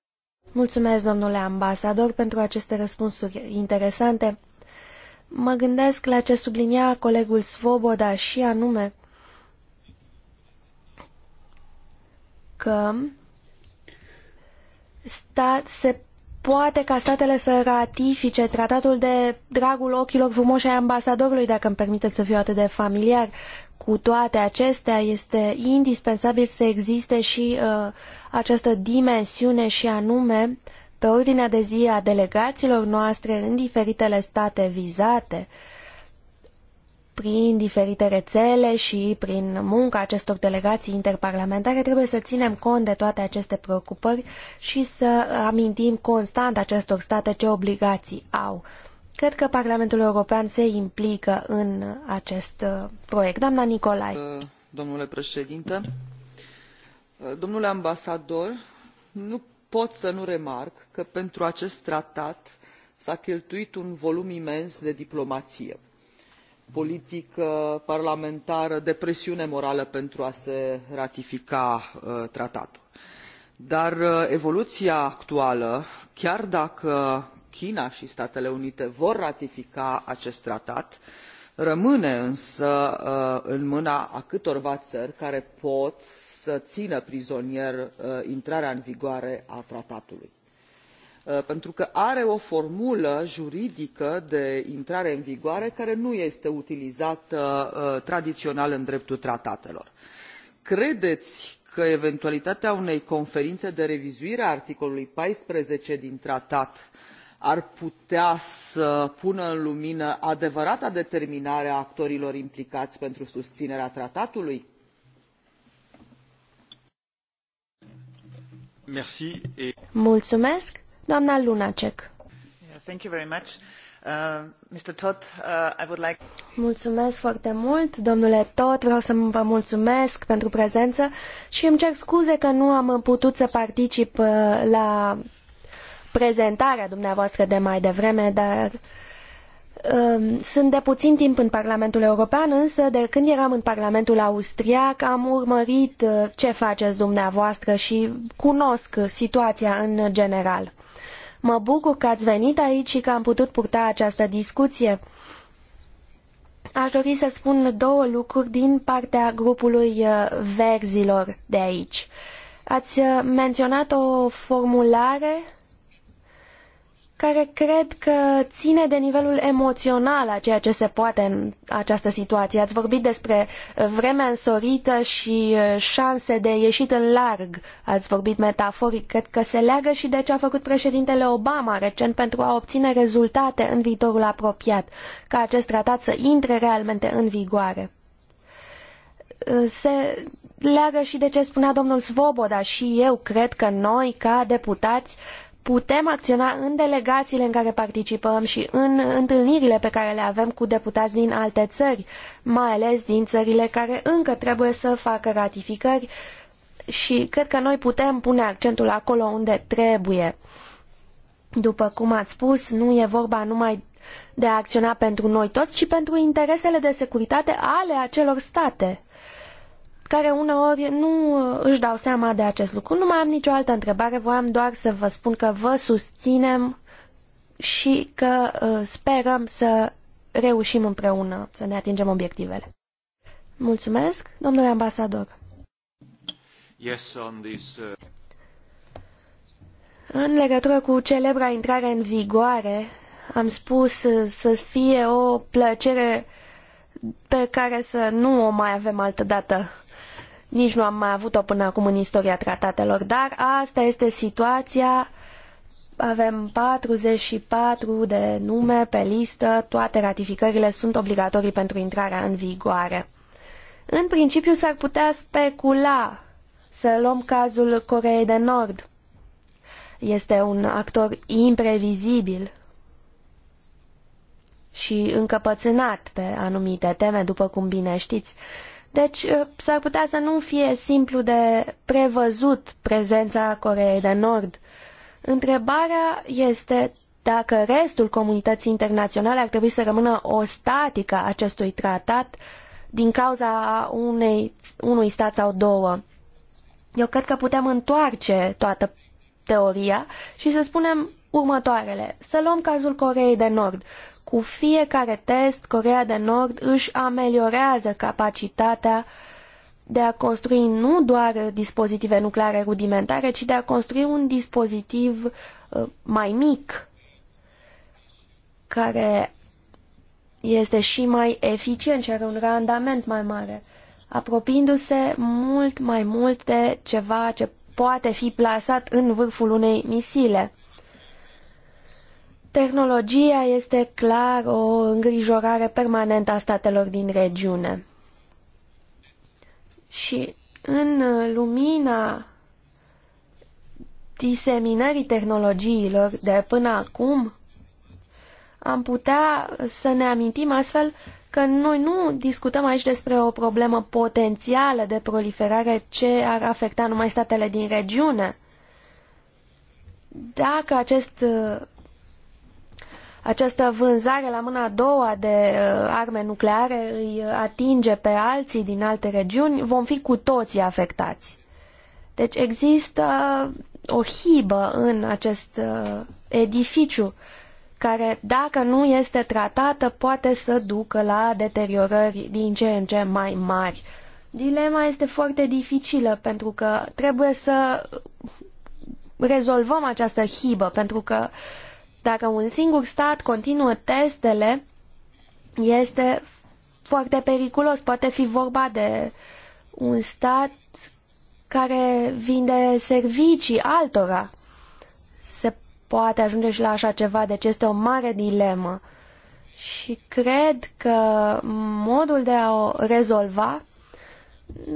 Mulțumesc, domnule ambasador, pentru aceste răspunsuri interesante. Mă gândesc la ce sublinia colegul Svoboda și anume că stat, se poate ca statele să ratifice tratatul de dragul ochilor frumoși ai ambasadorului, dacă îmi permite să fiu atât de familiar. Cu toate acestea, este indispensabil să existe și uh, această dimensiune și anume uh, pe ordinea de zi a delegațiilor noastre în diferitele state vizate, prin diferite rețele și prin munca acestor delegații interparlamentare, trebuie să ținem cont de toate aceste preocupări și să amintim constant acestor state ce obligații au. Cred că Parlamentul European se implică în acest uh, proiect. Doamna Nicolai. Uh, domnule președinte, uh, domnule ambasador, nu pot să nu remarc că pentru acest tratat s a cheltuit un volum imens de diplomaie politică parlamentară de presiune morală pentru a se ratifica uh, tratatul dar uh, evoluia actuală chiar dacă china i statele unite vor ratifica acest tratat va rămâne însă uh, în mâna a câtorva țări care pot să ină prizonier uh, intrarea în vigoare a tratatului uh, pentru că are o formulă juridică de intrare în vigoare care nu este utilizată tradițional în dreptul tratatelor. credeți că eventualitatea unei conferințe de revizuire a articolului paisprezece din tratat ar putea să pună în lumină adevărata determinare a actorilor implicați pentru susținerea tratatului? Mulțumesc, doamna Lunacek. Mulțumesc foarte mult, domnule Tot, vreau să vă mulțumesc pentru prezență și îmi cer scuze că nu am putut să particip uh, la prezentarea dumneavoastră de mai devreme, dar um, sunt de puțin timp în Parlamentul European, însă de când eram în Parlamentul Austriac am urmărit uh, ce faceți dumneavoastră și cunosc situația în general. Mă bucur că ați venit aici și că am putut purta această discuție. Aș dori să spun două lucruri din partea grupului uh, verzilor de aici. Ați uh, menționat o formulare care cred că ține de nivelul emoțional a ceea ce se poate în această situație. Ați vorbit despre uh, vremea însorită și uh, șanse de ieșit în larg. Ați vorbit metaforic. Cred că se leagă și de ce a făcut președintele Obama recent pentru a obține rezultate în viitorul apropiat, ca acest tratat să intre realmente în vigoare. Uh, se leagă și de ce spunea domnul Svoboda și eu cred că noi, ca deputați, putem acționa în delegațiile în care participăm și în întâlnirile pe care le avem cu deputați din alte țări, mai ales din țările care încă trebuie să facă ratificări și cred că noi putem pune accentul acolo unde trebuie. După cum ați spus, nu e vorba numai de a acționa pentru noi toți, ci pentru interesele de securitate ale acelor state care uneori nu uh, își dau seama de acest lucru. Nu mai am nicio altă întrebare, voiam doar să vă spun că vă susținem și că uh, sperăm să reușim împreună să ne atingem obiectivele. Mulțumesc, domnule ambasador. Yes, on this, uh... În legătură cu celebra intrare în vigoare, am spus uh, să fie o plăcere pe care să nu o mai avem altă dată nici nu am mai avut-o până acum în istoria tratatelor, dar asta este situația. Avem 44 de nume pe listă, toate ratificările sunt obligatorii pentru intrarea în vigoare. În principiu s-ar putea specula să luăm cazul Coreei de Nord. Este un actor imprevizibil și încăpățânat pe anumite teme, după cum bine știți. Deci uh, s-ar putea să nu fie simplu de prevăzut prezența Coreei de Nord. Întrebarea este dacă restul comunității internaționale ar trebui să rămână o statică a acestui tratat din cauza unei, unui stat sau două. Eu cred că putem întoarce toată teoria și să spunem următoarele. Să luăm cazul Coreei de Nord. Cu fiecare test, Coreea de Nord își ameliorează capacitatea de a construi nu doar dispozitive nucleare rudimentare, ci de a construi un dispozitiv uh, mai mic, care este și mai eficient și are un randament mai mare, apropiindu-se mult mai mult de ceva ce poate fi plasat în vârful unei misile. Tehnologia este clar o îngrijorare permanentă a statelor din regiune. Și în lumina diseminării tehnologiilor de până acum, am putea să ne amintim astfel că noi nu discutăm aici despre o problemă potențială de proliferare ce ar afecta numai statele din regiune. Dacă acest această vânzare la mâna a doua de uh, arme nucleare îi atinge pe alții din alte regiuni, vom fi cu toții afectați. Deci există o hibă în acest uh, edificiu care, dacă nu este tratată, poate să ducă la deteriorări din ce în ce mai mari. Dilema este foarte dificilă pentru că trebuie să rezolvăm această hibă, pentru că dacă un singur stat continuă testele, este foarte periculos. Poate fi vorba de un stat care vinde servicii altora. Se poate ajunge și la așa ceva, deci este o mare dilemă. Și cred că modul de a o rezolva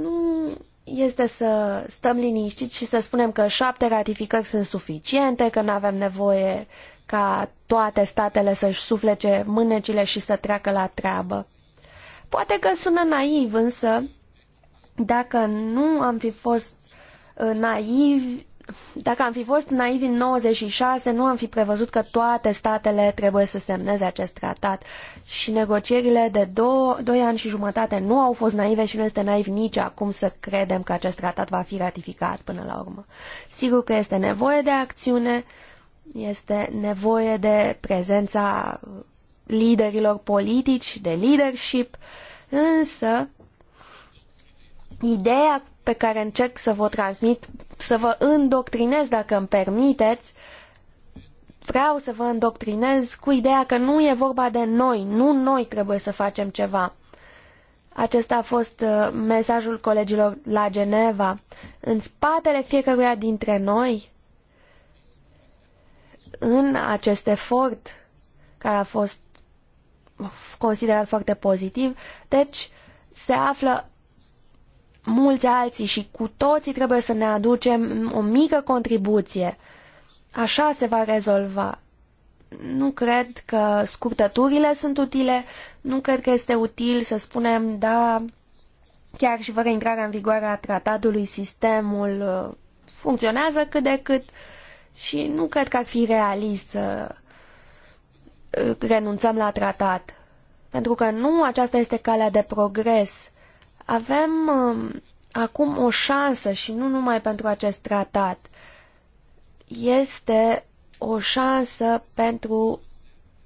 nu este să stăm liniștiți și să spunem că șapte ratificări sunt suficiente, că nu avem nevoie ca toate statele să-și suflece mânecile și să treacă la treabă. Poate că sună naiv, însă dacă nu am fi fost uh, naivi, dacă am fi fost naivi în 96, nu am fi prevăzut că toate statele trebuie să semneze acest tratat. Și negocierile de 2 doi ani și jumătate nu au fost naive și nu este naiv nici acum să credem că acest tratat va fi ratificat până la urmă. Sigur că este nevoie de acțiune, uh, este nevoie de prezența liderilor politici, de leadership, însă ideea pe care încerc să vă transmit, să vă îndoctrinez, dacă îmi permiteți, vreau să vă îndoctrinez cu ideea că nu e vorba de noi, nu noi trebuie să facem ceva. Acesta a fost uh, mesajul colegilor la Geneva. În spatele fiecăruia dintre noi în acest efort care a fost considerat foarte pozitiv, deci se află mulți alții și cu toții trebuie să ne aducem o mică contribuție. Așa se va rezolva. Nu cred că scurtăturile sunt utile, nu cred că este util să spunem, da, chiar și fără intrarea în vigoare a tratatului, sistemul uh, funcționează cât de cât. Uh, și nu cred că ar fi realist să uh, renunțăm la tratat. Pentru că nu aceasta este calea de progres. Avem um, acum o șansă și nu numai pentru acest tratat. Este o șansă pentru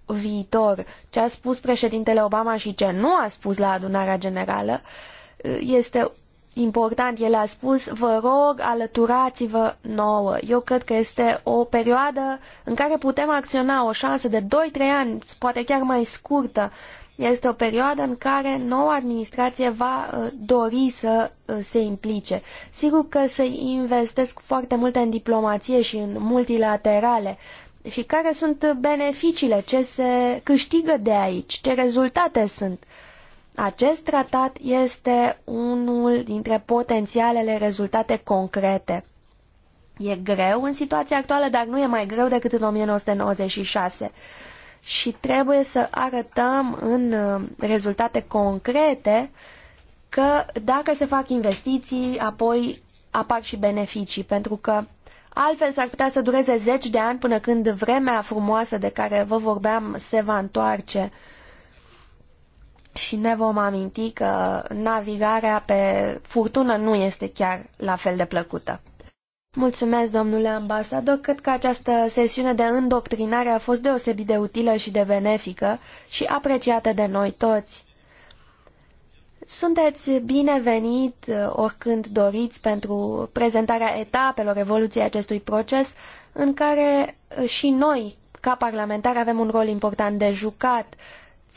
viitor. Ce a spus președintele Obama și ce nu a spus la adunarea generală uh, este important. El a spus, vă rog, alăturați-vă nouă. Eu cred că este o perioadă în care putem acționa o șansă de 2-3 ani, poate chiar mai scurtă. Este o perioadă în care noua administrație va uh, dori să uh, se implice. Sigur că se investesc foarte multe în diplomație și în multilaterale, și care sunt beneficiile, ce se câștigă de aici, ce rezultate sunt. Uh, acest tratat este unul dintre potențialele rezultate concrete. E greu în situația actuală, dar nu e mai greu decât în 1996. Și trebuie să arătăm în uh, rezultate concrete că dacă se fac investiții, apoi apar și beneficii, pentru că altfel s-ar putea să dureze zeci de ani până când vremea frumoasă de care vă vorbeam se va întoarce uh, și ne vom aminti că navigarea pe furtună nu este chiar la fel de plăcută. Mulțumesc, domnule ambasador. Cred că această sesiune de îndoctrinare a fost deosebit de utilă și de benefică și apreciată de noi toți. Sunteți binevenit uh, oricând doriți pentru prezentarea etapelor evoluției acestui proces în care uh, și noi, ca parlamentari, avem un rol important de jucat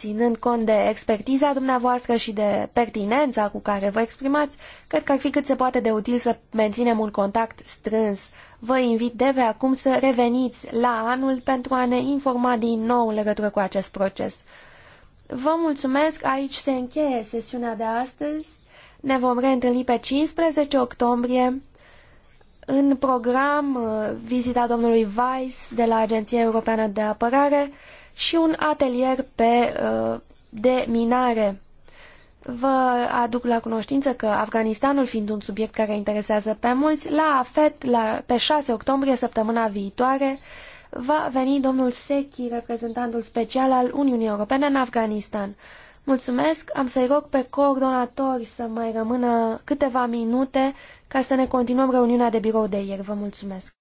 ținând cont de expertiza dumneavoastră și de pertinența cu care vă exprimați, cred că ar fi cât se poate de util să menținem un contact strâns. Vă invit de pe acum să reveniți la anul pentru a ne informa din nou în legătură cu acest proces. Vă mulțumesc, aici se încheie sesiunea de astăzi. Ne vom reîntâlni pe 15 octombrie în program uh, vizita domnului Weiss de la Agenția Europeană de Apărare și un atelier pe, uh, de minare. Vă aduc la cunoștință că Afganistanul fiind un subiect care interesează pe mulți, la AFET, la, pe 6 octombrie, săptămâna viitoare, va veni domnul Sechi, reprezentantul special al Uniunii Europene în Afganistan. Mulțumesc, am să-i rog pe coordonatori să mai rămână câteva minute ca să ne continuăm reuniunea de birou de ieri. Vă mulțumesc!